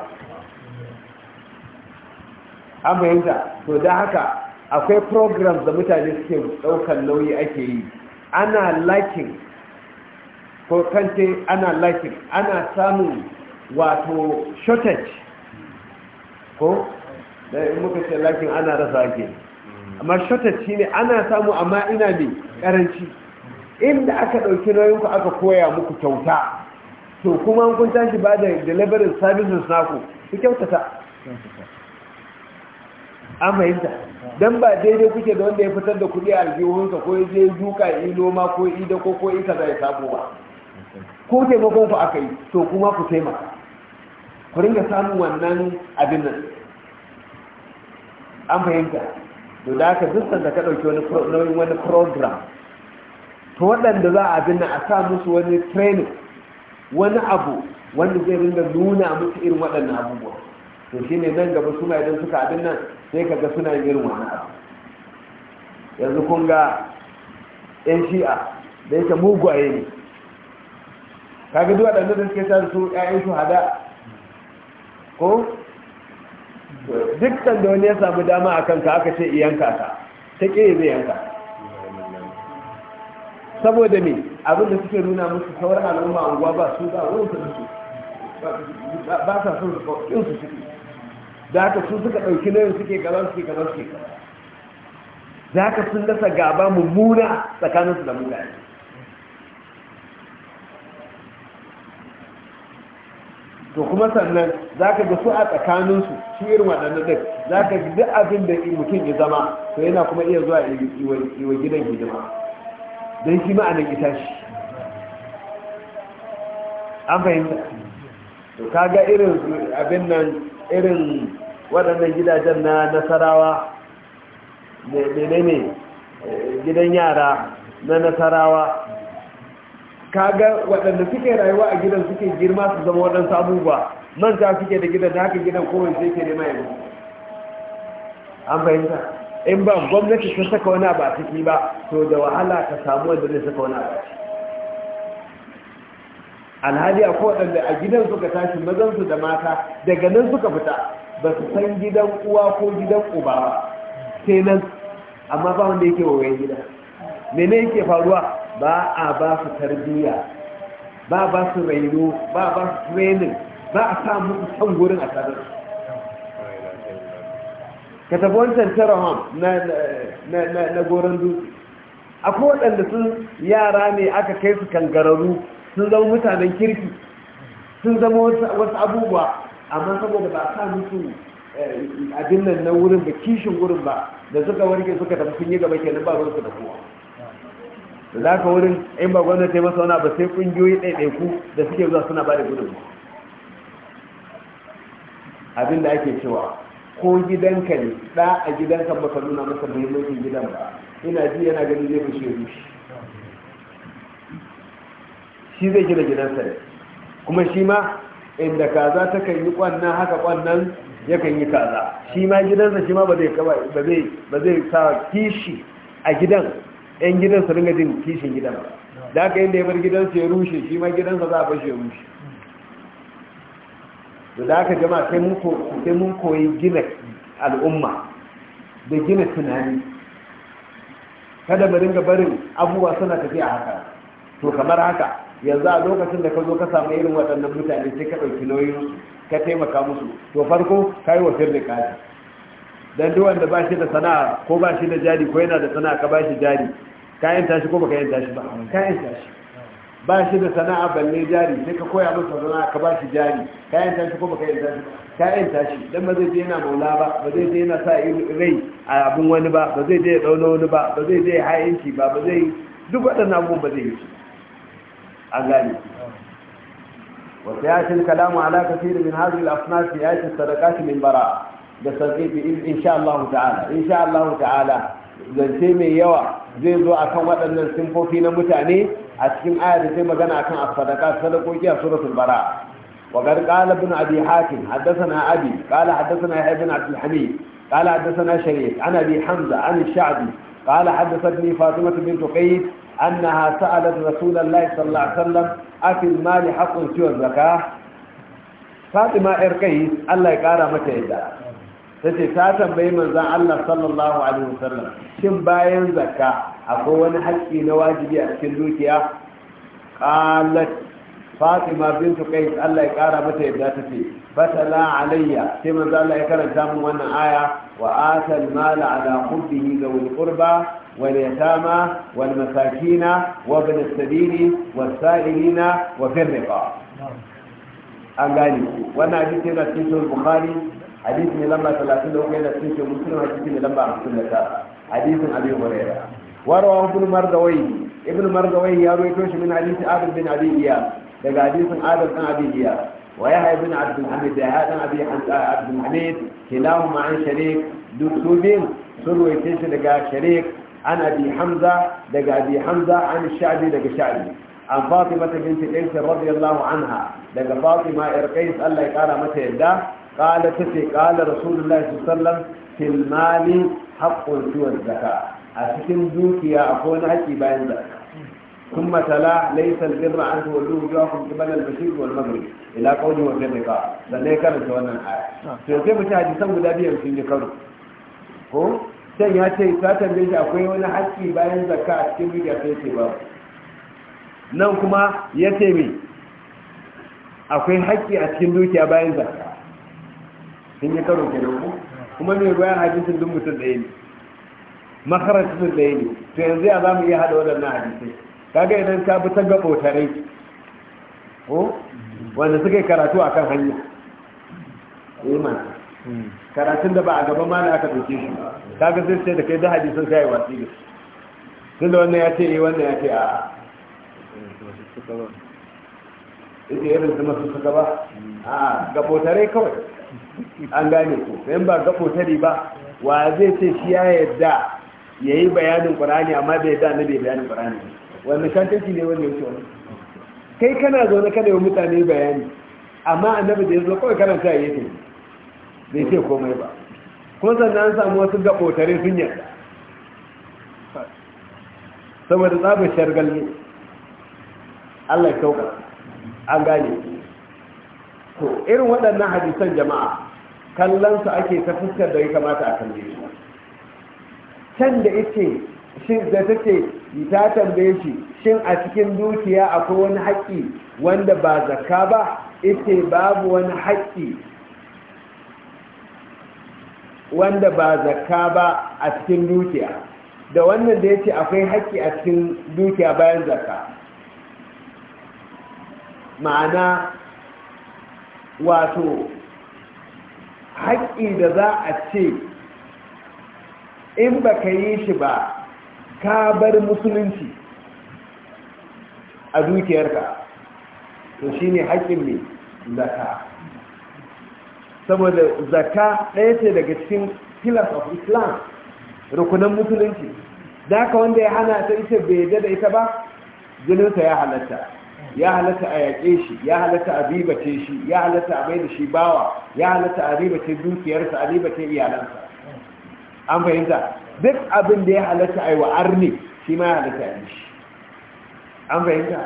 an bayyanta to da haka akwai program da mutane suke ɗaukar nauyi ake yi ana liking ko kante ana liking ana samun wato shortage ko da in muka ce lakin ana rasa ake amma shortage shine ana samu amma ina ne karanci inda aka ɗauki nauyinku aka koya muku kyauta to kuma kun tashi ba da delivery services naku ku kyautata an fahimta don ba daidai kuke da wanda ya fitar da kuɗi a aljihunsa ko ya je duka yi noma ko ida ko ko ita za ya sabo ba ko taimakon ku aka yi to kuma ku taimaka ku ringa samun wannan abin nan an fahimta to da aka dukkan da ka ɗauki wani nauyin wani program to waɗanda za a abin nan a sa musu wani training wani abu wanda zai ringa nuna musu irin waɗannan abubuwa to shi ne nan gaba suna idan suka abin nan sai ka ga suna yin irin wani abu yanzu kun ga 'yan shi'a da yake mugaye ne kaga duk waɗanda da suke sa su 'ya'yan shuhada ko Duk da wani ya samu dama a kanka aka ce iyanka ta ta ke zai yanka saboda me abinda suke nuna musu sauran al'umma unguwa ba su ba wurin su ba sa son su in su suke da aka su suka ɗauki nayin suke gaban suke gaban suke gaban da sun dasa gaba mummuna tsakaninsu da mutane to kuma sannan za ka ga su a tsakaninsu shi irin waɗannan ɗin za ka ji duk abin da mutum ya zama to yana kuma iya zuwa iwa gidan hidima don shi ma'anin ita shi an fahimta to ka ga irin abin nan irin waɗannan gidajen na nasarawa menene eh, gidan yara na nasarawa kaga waɗanda suke rayuwa a gidan suke girma su zama waɗansu abubuwa manta suke da gidan da haka gidan kowai sai ke nema yanzu an fahimta in ba gwamnati ta saka wani ba ciki ba to da wahala ka samu wanda zai saka wani ba alhali a kowaɗanda a gidan suka tashi mazansu da mata daga nan suka fita ba su san gidan uwa ko gidan uba ba sai nan amma ba wanda yake wawayen gida mene yake faruwa ba a ba su tarbiyya ba ba su raino ba ba su training ba a sa musu san gurin a sadar ka tafi wancan tarahon na goron dutse akwai waɗanda sun yara ne aka kai su kangararru sun zama mutanen kirki sun zama wasu abubuwa amma saboda ba a sa musu eh, abin nan na wurin ba kishin wurin ba da suka warke suka tafi sun yi gaba kenan ba su da kowa da za ka wurin in ba gwamnati ya masa wani abu sai kungiyoyi ɗaiɗaiku da suke zuwa suna ba da gudun abinda ake cewa ko gidanka ne ɗa a gidanka ba ka nuna masa muhimmancin gidan ba ina ji yana ganin zai fushe rushe shi zai gina gidansa ne kuma shi ma inda kaza ta kan yi kwannan haka kwannan ya kan yi kaza shi ma gidansa shi ma ba zai ba zai sa kishi a gidan 'yan gidansa ringa jin kishin gidan da aka yi da ya bar gidansa ya rushe shi ma gidansa za a bashi ya rushe da da aka jama sai mun koyi gina al'umma da gina tunani kada mu ringa barin abubuwa suna tafiya haka to kamar haka yanzu a lokacin da ka zo ka samu irin waɗannan mutane sai ka ɗauki nauyin ka taimaka musu to farko ka yi wa firni kaji don duk wanda ba shi da sana'a ko ba shi da jari ko yana da sana'a ka ba shi jari kayan tashi ko baka yanta tashi ba kayan tashi ba shi da sana'a balle jari sai ka koya masa sana'a ka bashi jari kayan tashi ko baka yanta shi kayan tashi dan ba zai je yana maula ba ba zai je yana sa rai a abin wani ba ba zai je ya wani ba ba zai je ya hayinci ba ba zai duk waɗannan abubuwan ba zai yi an gane وسيأتي الكلام على كثير من هذه الأصناف في آية الصدقات من براءة بس إن شاء الله تعالى إن شاء الله تعالى zance mai yawa zai zo a kan waɗannan simfofi na mutane a cikin ayar da zai magana akan kan asfadaka sadakoki a suratul bara wa gar qala ibn abi hatim haddathana abi qala haddathana ibn abd alhamid qala haddathana sharif an abi hamza an sha'bi qala haddathatni fatimah bint qais annaha sa'alat rasulullah sallallahu alaihi wasallam afi almal haqqun fi zakah fatimah irqais allah ya ƙara mata yadda ta ce ta tambayi manzan Allah sallallahu alaihi wasallam shin bayan zakka akwai wani haƙƙi na wajibi a cikin dukiya qalat fatima bintu Kai, Allah ya kara mata yadda ta ce fatala alayya sai maza Allah ya karanta mun wannan aya wa atal mala ala hubbihi zawil qurba واليتامى والمساكين وابن السبيل والسائلين wa الرقاب an gane wannan hadisi yana cikin bukhari hadisi ne lamba 33 yana cikin shi muslim hadisi ne lamba 59 hadisin abi hurairah warawa ibn mardawai ibn mardawai ya rawaito shi min hadisi adam bin abi iya daga hadisin adam bin abi iya wa yahya bin abd al da ya dan abi abd al-hamid kilahuma an sharik duktubin sun rawaito shi daga sharik عن أبي حمزة دق أبي حمزة عن الشعبي دق شعبي عن فاطمة بنت قيس رضي الله عنها دق فاطمة إرقيس الله يقارى متى يده kala ta ce kala rasulullahi sallallahu fil mali haqqul tuwar a cikin dukiya akwai wani haƙi bayan kun ثم تلا ليس البر أن تولوا وجوهكم قبل المشرق والمغرب إلى قوله وفي الرقاع لأنه كان سوانا الآية فكيف تهدي ya دابيا في الكون هو sai ya ce ta tambaye shi akwai wani haƙƙi bayan zakka a cikin dukiya sai ce ba nan kuma ya ce akwai haƙƙi a cikin dukiya bayan zakka sun yi karo kenan ku kuma mai bayan hadisin duk mutum ɗaya ne makarar mutum ɗaya ne to yanzu ya za mu iya haɗa waɗannan hadisai kaga idan ka bi ta ga tare. ko wanda suka yi karatu a kan hanya iman eh, karatun da ba a gaban mana aka ɗauke shi kaga sai ce da kai da hadisan sai yi watsi da da wannan ya ce eh wannan ya ce a ita irin su masu suka ba a gabotare kawai an gane ku sayan ba ga kotari ba wa zai ce shi ya yadda ya yi bayanin ƙurani amma bai da na bai bayanin ƙurani wanda shantaki ne wani ya wani kai kana zaune kada yi mutane bayani amma annabi da ya zo kawai karanta ya yi bai ce komai ba kuma sannan an samu wasu ga kotare sun yarda saboda tsabar shargal ne Allah ya kauka an gane to irin waɗannan hadisan jama'a kallon su ake ta fuskar da ya kamata a kalli shi can da ita shi da take ta tambaye shi shin a cikin dukiya akwai wani haƙƙi wanda ba zakka ba ita babu wani haƙƙi wanda ba zakka ba a cikin dukiya da wannan da ya ce akwai haƙƙi a cikin dukiya bayan zakka ma'ana wato haƙƙi da za a ce in ba ka yi shi ba ka bar musulunci a dukiyarka to shi ne haƙƙin mai zaka saboda zaka ɗaya ce daga cikin pillars of islam rukunan musulunci da wanda ya hana ta ita bai da ita ba jininsa ya halatta ya halatta a yaƙe shi ya halatta a ribace shi ya halatta a maida shi bawa ya halatta a ribace dukiyarsa a ribace iyalansa an fahimta duk abin da ya halatta a yi wa arni shi ma ya halatta a yi shi an fahimta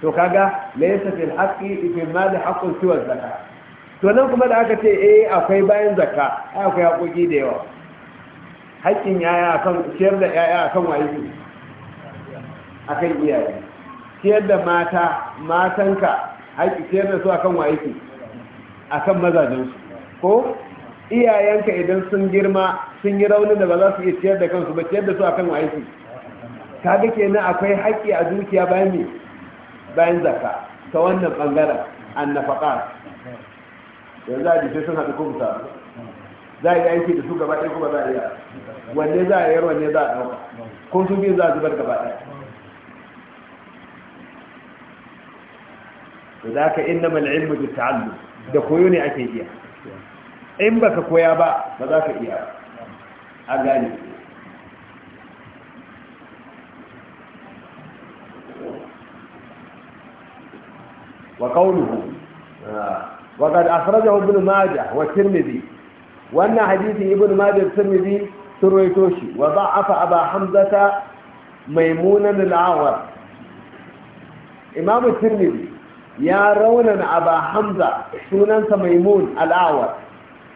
to kaga laisa fil haqqi fi mali haqqun siwa zakka to nan kuma da aka ce eh akwai bayan zakka akwai haƙoƙi da yawa haƙƙin yaya akan ciyar da yaya akan waye akan iyaye ciyar da mata matanka haƙi ciyar da su akan wa'iki a kan mazajensu ko iyayenka idan sun girma sun yi raunin da ba za su iya ciyar da kansu ba ciyar da su akan wa yake ke kenan akwai haƙi a dukiya bayan ne bayan zaka ta wannan bangaren annafaqat yanzu a jisai sun haɗu kumsa za a yi aiki da su gaba ɗaya kuma za a yi wanne za a yar wanne za a ɗauka ko su biyu za a zubar gaba ɗaya وذاك إنما العلم بالتعلم دخويني أتيجيها إن بك كويابا فذاك إياه أقالي وقوله وقد أخرجه ابن ماجه والترمذي وأن حديث ابن ماجه الترمذي ترويتوشي وضعف أبا حمزة ميمونا للعور إمام الترمذي ya raunana aba hamza sunansa maimun al'awar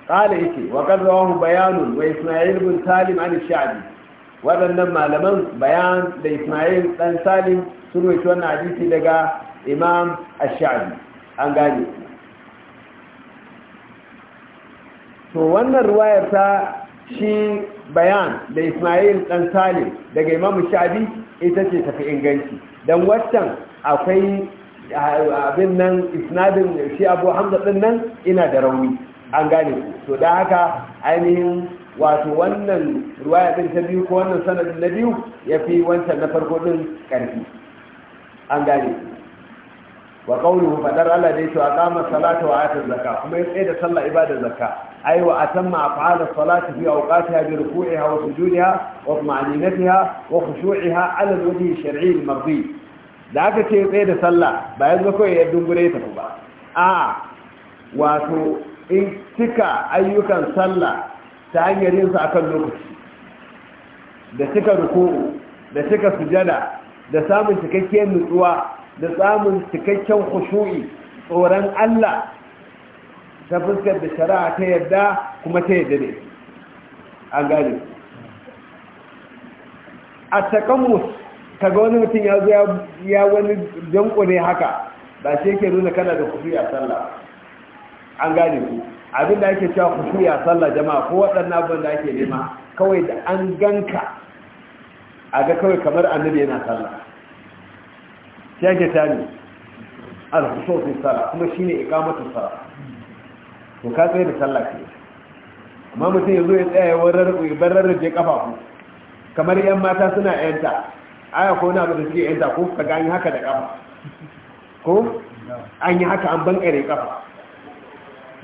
ƙala yake wa ƙarrawahu bayanun wa ismail bin salim an sha'abi waɗannan malaman bayan da ismail ɗan salim sun rufe wannan hadisi daga imam ash-sha'abi an gane to wannan ruwayar ta shi bayan da ismail ɗan salim daga imam ash-sha'abi ita ce tafi inganci don waccan akwai abin nan isnadin shi abu hamza din nan ina da rauni an gane to da haka ainihin wato wannan ruwaya din ta biyu ko wannan sanadin na biyu ya fi wancan na farko din karfi an gane wa qawluhu fadar Allah da a aqama salata wa ata zakka kuma ya tsaya da sallah ibada zakka ai wa atamma af'al salati fi awqatiha bi ruku'iha wa sujudiha wa ma'ninatiha wa khushu'iha 'ala al-wajhi ash-shar'i al-mardi da aka ce tsaye da sallah ba ya zo kawai ya dungure ta ba a wato in cika ayyukan sallah ta hanyar su a kan lokaci da cika ruku'u da cika sujada da samun cikakken nutsuwa da samun cikakken kushu'i, tsoron Allah ta fuskar da shari'a ta yadda kuma ta yadda ne an gane a takamus kaga wani mutum ya zo ya wani janko ne haka ba shi yake nuna kana da kufi a sallah an gane ku abin da ake cewa kufi a sallah jama'a ko waɗannan abin da ake nema kawai da an ganka a ga kawai kamar annabi yana sallah shi ake tani al fi sallah kuma shine iqamatu sallah to ka tsaye da sallah ke amma mutum ya zo ya tsaya ya barar da kafafu kamar yan mata suna yanta aya ko na abu da suke yanta ko ka gani haka da kafa ko an yi haka an bankare kafa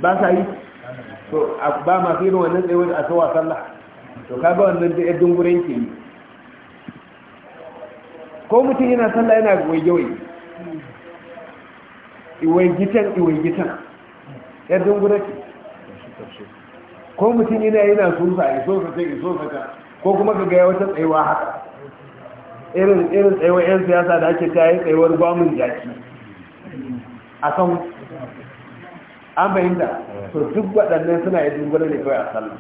ba sa yi to ba masu irin wannan tsayuwar a tsawa sallah to ka ba wannan da yadda gurin ke yi ko mutum yana sallah yana goyi iwaigitan iwaigitan yadda gurin ko mutum yana yana sa iso sa ce iso ka ko kuma ka gaya wata tsayuwa haka irin irin tsayuwar 'yan siyasa da ake ta yi tsayuwar gwamin jaki a kan an bayyanta to duk waɗannan suna yi dubbar ne kawai a sallah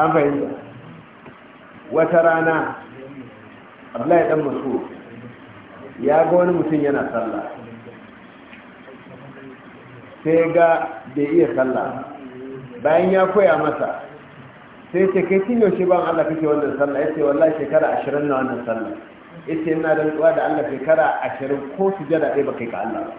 an wata rana ya ɗan masu ya ga wani mutum yana sallah sai ga bai iya sallah bayan ya koya masa sai ce kai tun yaushe ban Allah kake wannan sallah yace wallahi shekara ashirin na wannan sallah yace ina rantsuwa da Allah shekara ashirin ko sujada ɗaya ba kai ka Allah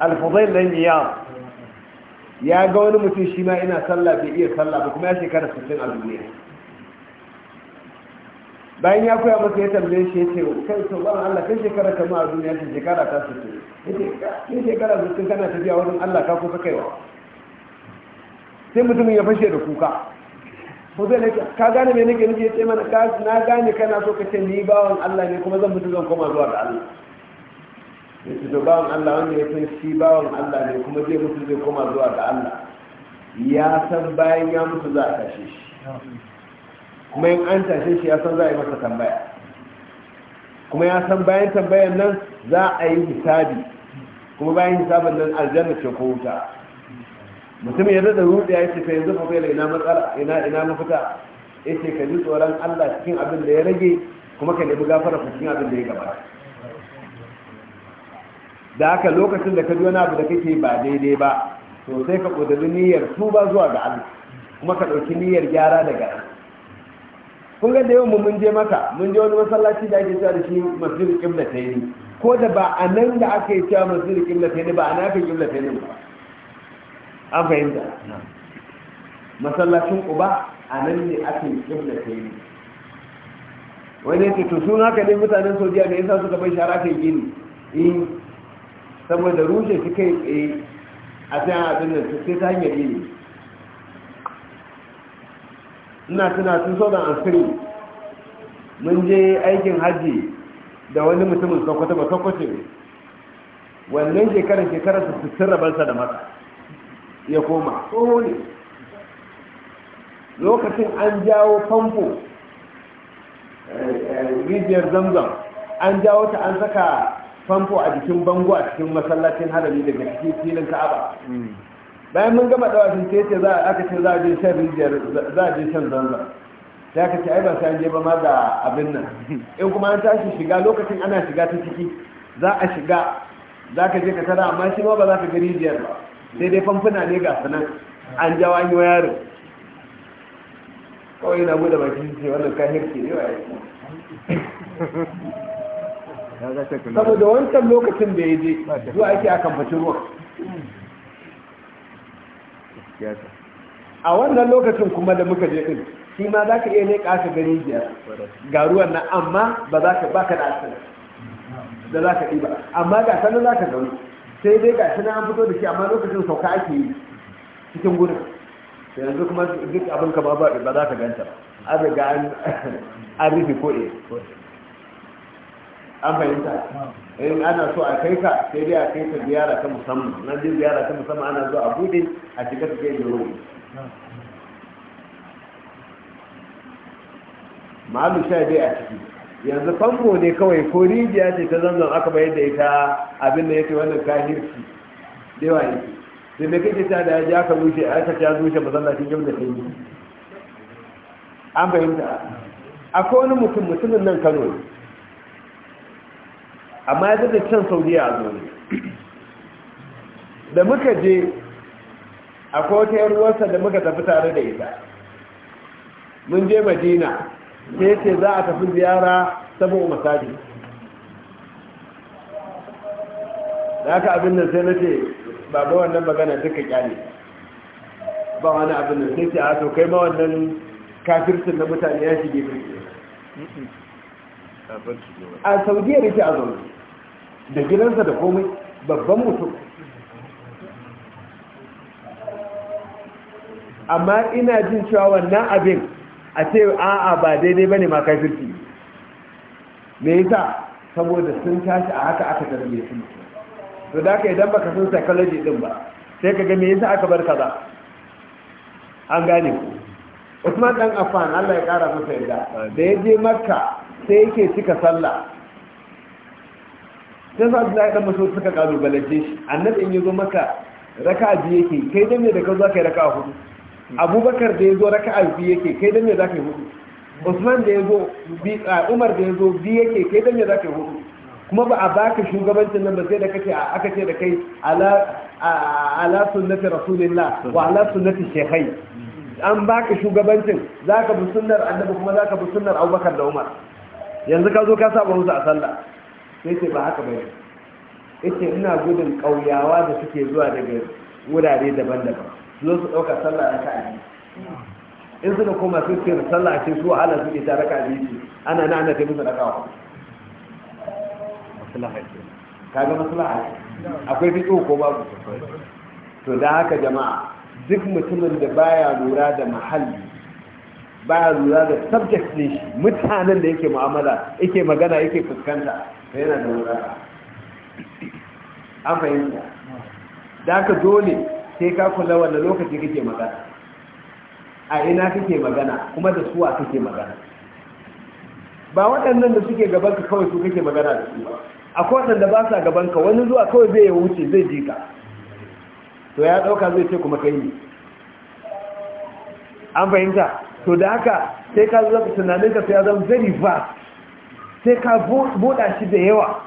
al-fudayl bin ya ga wani mutum shi ma ina sallah bai iya sallah ba kuma ya shekara 60 a duniya bayan ya koya masa ya tambaye shi ya ce kai to ban Allah kai shekara kama a duniya ta shekara ta su ce ya shekara zucin kana tafiya wajen Allah ka kusa kaiwa sai mutumin ya fashe da kuka ko zai nake ka gane me nake nake ce mana na gane kana so ka ce ni bawan Allah ne kuma zan mutu zan koma zuwa ga Allah ya ce to bawan Allah wanda ya san shi bawan Allah ne kuma zai mutu zai koma zuwa ga Allah ya san bayan ya mutu za a kashe shi kuma in an tashe shi ya san za a yi masa tambaya kuma ya san bayan tambayan nan za a yi hisabi kuma bayan hisabin nan aljanna ce ko wuta mutum ya da ruɗe ya ce yanzu fa bai ina matsala ina ina mafita ya ce ka ji tsoron Allah cikin abin da ya rage kuma ka nemi gafara cikin abin da ya gabata da haka lokacin da ka ji wani abu da kake ba daidai ba to sai ka ƙudiri niyyar tuba zuwa ga Allah kuma ka ɗauki niyyar gyara daga Allah kun ga da yau mun je maka mun je wani masallaci da ake cewa da shi masjidul qibla yi ko da ba a nan da aka yi cewa masjidul qibla yi ba ana aka qibla yi ba an fahimta masallacin uba a nan ne aka yi ta yi wani ya ce to sun haka ne mutanen saudiya ne yasa suka bai shara kai gini in eh, saboda rushe su kai a can abin nan sai ta hanyar gini ina tuna tun so da asirin mun je aikin hajji da wani mutumin sokoto ba sokoto ne wannan shekarar shekarar su sun rabarsa da mata ya koma tsoho ne lokacin an jawo famfo eh, eh, rijiyar zamzam an jawo ta an saka famfo a jikin bango a cikin masallacin harami daga cikin filin ka'aba mm. bayan mun gama dawafin sai ce za aka ce za a je shan rijiyar za a je shan zanza sai ka ce ai ba sai an je ba ma da abin nan in kuma an tashi shiga lokacin ana shiga ta ciki za a shiga za ka je ka tara amma shi ma ba za ka ga rijiyar ba sai dai famfuna ne ga sanan an jawo an yi wa yaro kawai na bude baki ce wannan hirki ne wa saboda wancan lokacin da ya je zuwa ake akan fashin ruwan siyasa a wannan lokacin kuma da muka je din shi ma za ka iya ne ƙasa gani biyar ga ruwan nan amma ba za ka baka da asali da za ka ɗiba amma ga sanin za ka zaune sai dai ga na an fito da shi amma lokacin sauka ake yi cikin gudun sai yanzu kuma duk abin ka ba ba za ka ganta an ga an rufe ko eh. an fahimta in ana so a kai ka sai dai a kai ka ziyara ta musamman nan dai ziyara ta musamman ana zuwa a bude a shiga su kai jirori malu sha dai a ciki yanzu famfo ne kawai ko rijiya ce ta zanzan aka bayar da ita abin da yake wannan kahirci dewa yake sai me kake ta da yaji ka rushe aka ta ba masallacin yau da kai an fahimta akwai wani mutum mutumin nan kano ne amma ya zai can saudiya a zuwa da muka je a wata ruwansa da muka tafi tare da ita mun je madina sai ce za a tafi ziyara saboda masaji da aka abin da sai na ce ba ba wannan magana duka kyale ba wani abin da sai ce a to kai ma wannan kafircin na mutane ya shige firke a saudiyar rike a zaune da gidansa da komai babban mutum amma ina jin cewa wannan abin a ce a'a ba daidai bane ma firki me yasa saboda sun tashi a haka aka tarbe su to da ka idan baka san psychology din ba sai ka ga me yasa aka bar kaza an gane ku Usman dan Affan Allah ya kara masa yarda da ya je Makka sai yake cika sallah sai sa Abdullahi dan wasu suka balance shi annabi in zo maka Raka biyu yake kai don me da ka yi kai a hudu Abubakar da raka a biyu yake kai don me za ka yi hudu Usman da ya zo, Umar da ya zo, biyu yake kai don me za ka yi hudu kuma ba a baka shugabancin nan ba sai da kake aka ce da kai ala sunnati rasulillah wa ala sunnati shehai an baka shugabancin ka bi sunnar annabi kuma za ka bi sunnar Abubakar da Umar yanzu ka zo ka saba musu a sallah sai ce ba haka bane yace ina gudun ƙauyawa da suke zuwa daga wurare daban-daban su zo su ɗauka sallah ka a in suka koma su ce da sallah ce su ala su ita raka a ce ana na ana kai musu ka ga maslaha akwai fito ko babu to da haka jama'a duk mutumin da baya lura da mahalli baya lura da subject ne shi mutanen da yake mu'amala yake magana yake fuskanta yana da wurara an fahimta da aka dole sai ka kula wanda lokaci kake magana a ina kake magana kuma da suwa kake magana ba waɗannan da suke gabanka kawai su kake magana da su a akwai waɗanda ba sa gabanka wani zuwa kawai zai yi wuce zai ji ka to ya ɗauka zai ce kuma kai ne an fahimta to da haka sai ka zama tunaninka sai ya zama very vast sai ka buɗa shi da yawa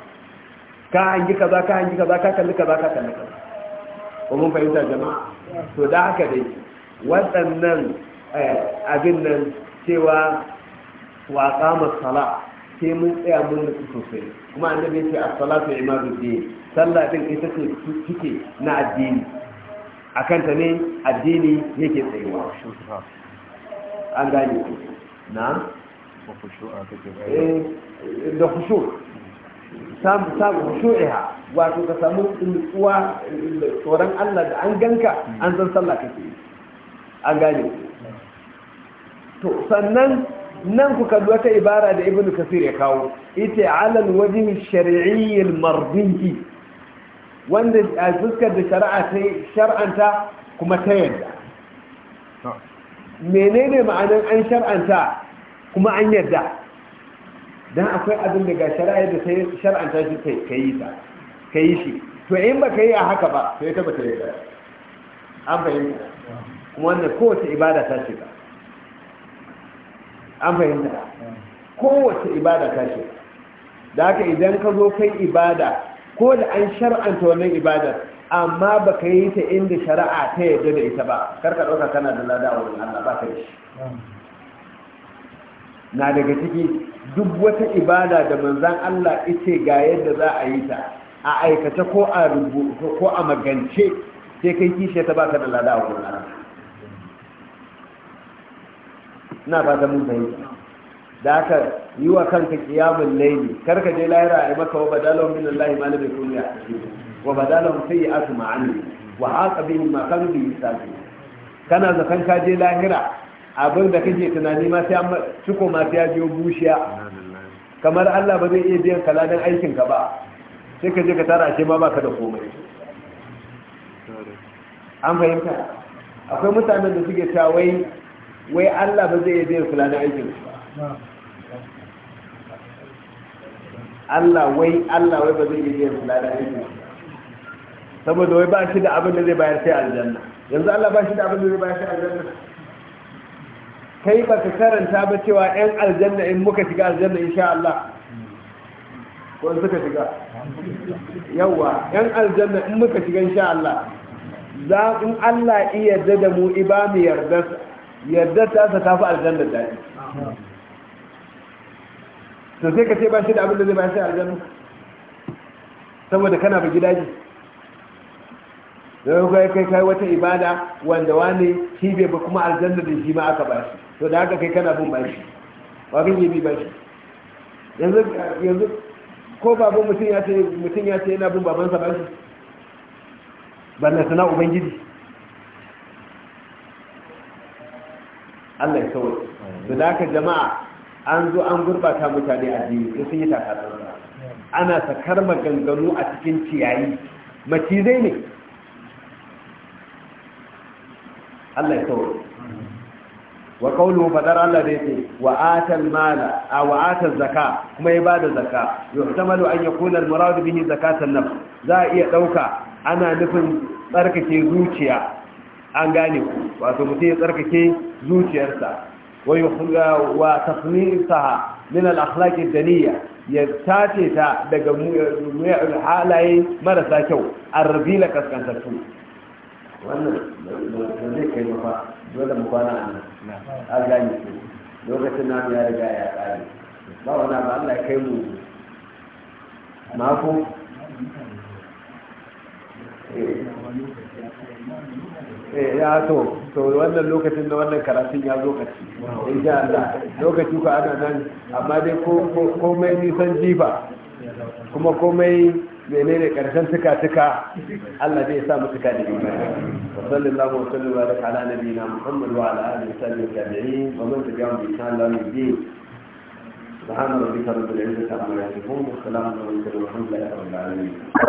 ka hangi kaza ka hangi kaza ka kalli kaza ka kalli kaza kuma fahimta jama'a to da haka dai waɗannan eh, abin nan cewa waƙa masala sai mun tsaya mun nufi sosai kuma an zabe ce a salatu imadu din sallah din ita ce cike na addini A kanta ne addini yake tsayuwa an gane na da khushu samu samu khushu'iha wato ka samu nutsuwa tsoron Allah da an ganka an san sallah kake an gane to sannan nan ku kalli wata ibara da ibnu kasir ya kawo ita alal wajhi shar'i al-mardihi wanda a fuskar da shari'a ta shar'anta kuma ta yadda menene ma'anar an shar'anta kuma an yarda don akwai abin daga ga shari'a da sai shar'anta shi ka yi ta ka yi shi to in ba ka yi a haka ba sai ta ba yi yarda an fahimta kuma wannan kowace ibada ta ce ba an fahimta kowace ibada ta ce da haka idan ka zo kai ibada ko da an shar'anta wannan ibadar amma ba ka yi ta inda shari'a ta yadda da ita ba karka ɗauka kana da lada wa Allah ba ka yi shi na daga ciki duk wata ibada da manzan Allah ita ga yadda za a yi ta a aikata ko a rubuta ko a magance sai kai kishe ta baka da lada a gurin na fata mun fahimta da haka yi wa kanka kiyamun laili karka je lahira a yi maka wa badalon min Allah ma nabi ya wa badalon sayyi'atu ma'ani wa haka bihim ma kanu bi kana zakan ka je lahira abin da kake tunani ma sai ciko ma sai ya biyo bushiya kamar Allah ba zai iya biyan ka ladan aikin ka ba sai ka je ka tara ashe ma baka da komai an fahimta akwai mutanen da suke ta wai wai Allah ba zai iya biyan su aikin su ba Allah wai Allah wai ba zai iya biyan su ladan aikin su saboda wai ba shi da abin da zai bayar sai aljanna yanzu Allah ba shi da abin da zai bayar sai aljanna kai ba ka karanta ba cewa 'yan aljanna in muka shiga aljanna insha Allah wani suka shiga yawa 'yan aljanna in muka shiga insha Allah za in Allah iya dada mu iba mu yarda yarda ta sa tafi aljanna da ni to sai ka ce ba shi da abin da zai ba shi aljanna saboda kana ba gidaje da kai kai wata ibada wanda wani shi bai ba kuma aljanna da shi ma aka ba shi to da haka kai kana bin bashi bin yi bi bashi yanzu ko babu mutum ya ce mutum ya ce yana bin babansa bashi na sana ubangiji Allah ya kawai to da haka jama'a an zo an gurbata mutane a jini sai sun yi takatsantsa ana sakar maganganu a cikin ciyayi macizai ne Allah ya kawai wa qawluhu fadar Allah da yake wa atal mala aw atal zakka kuma ya bada zakka yuhtamalu an yakuna al murad bihi zakatan nafs za iya dauka ana nufin tsarkake zuciya an gane ku wato mutum ya tsarkake zuciyarsa wa yuhla wa tasmisaha min al akhlaq ad daniya ya tace ta daga halaye marasa kyau arbila kaskantattu wannan da zai kai mafa dole mu kwana a an lokacin namu ya riga ya kare kai mu mako eh, eh ya to wannan lokacin da wannan karatun ya zo insha Allah lokaci ku ana nan amma dai ko komai nisan jifa kuma komai mene ne karshen tuka-tuka Allah zai sa mutuka da imani wa sallallahu wa sallam Muhammad wa ala alihi wa sahbihi tabi'in wa man tabi'ahum bi ihsan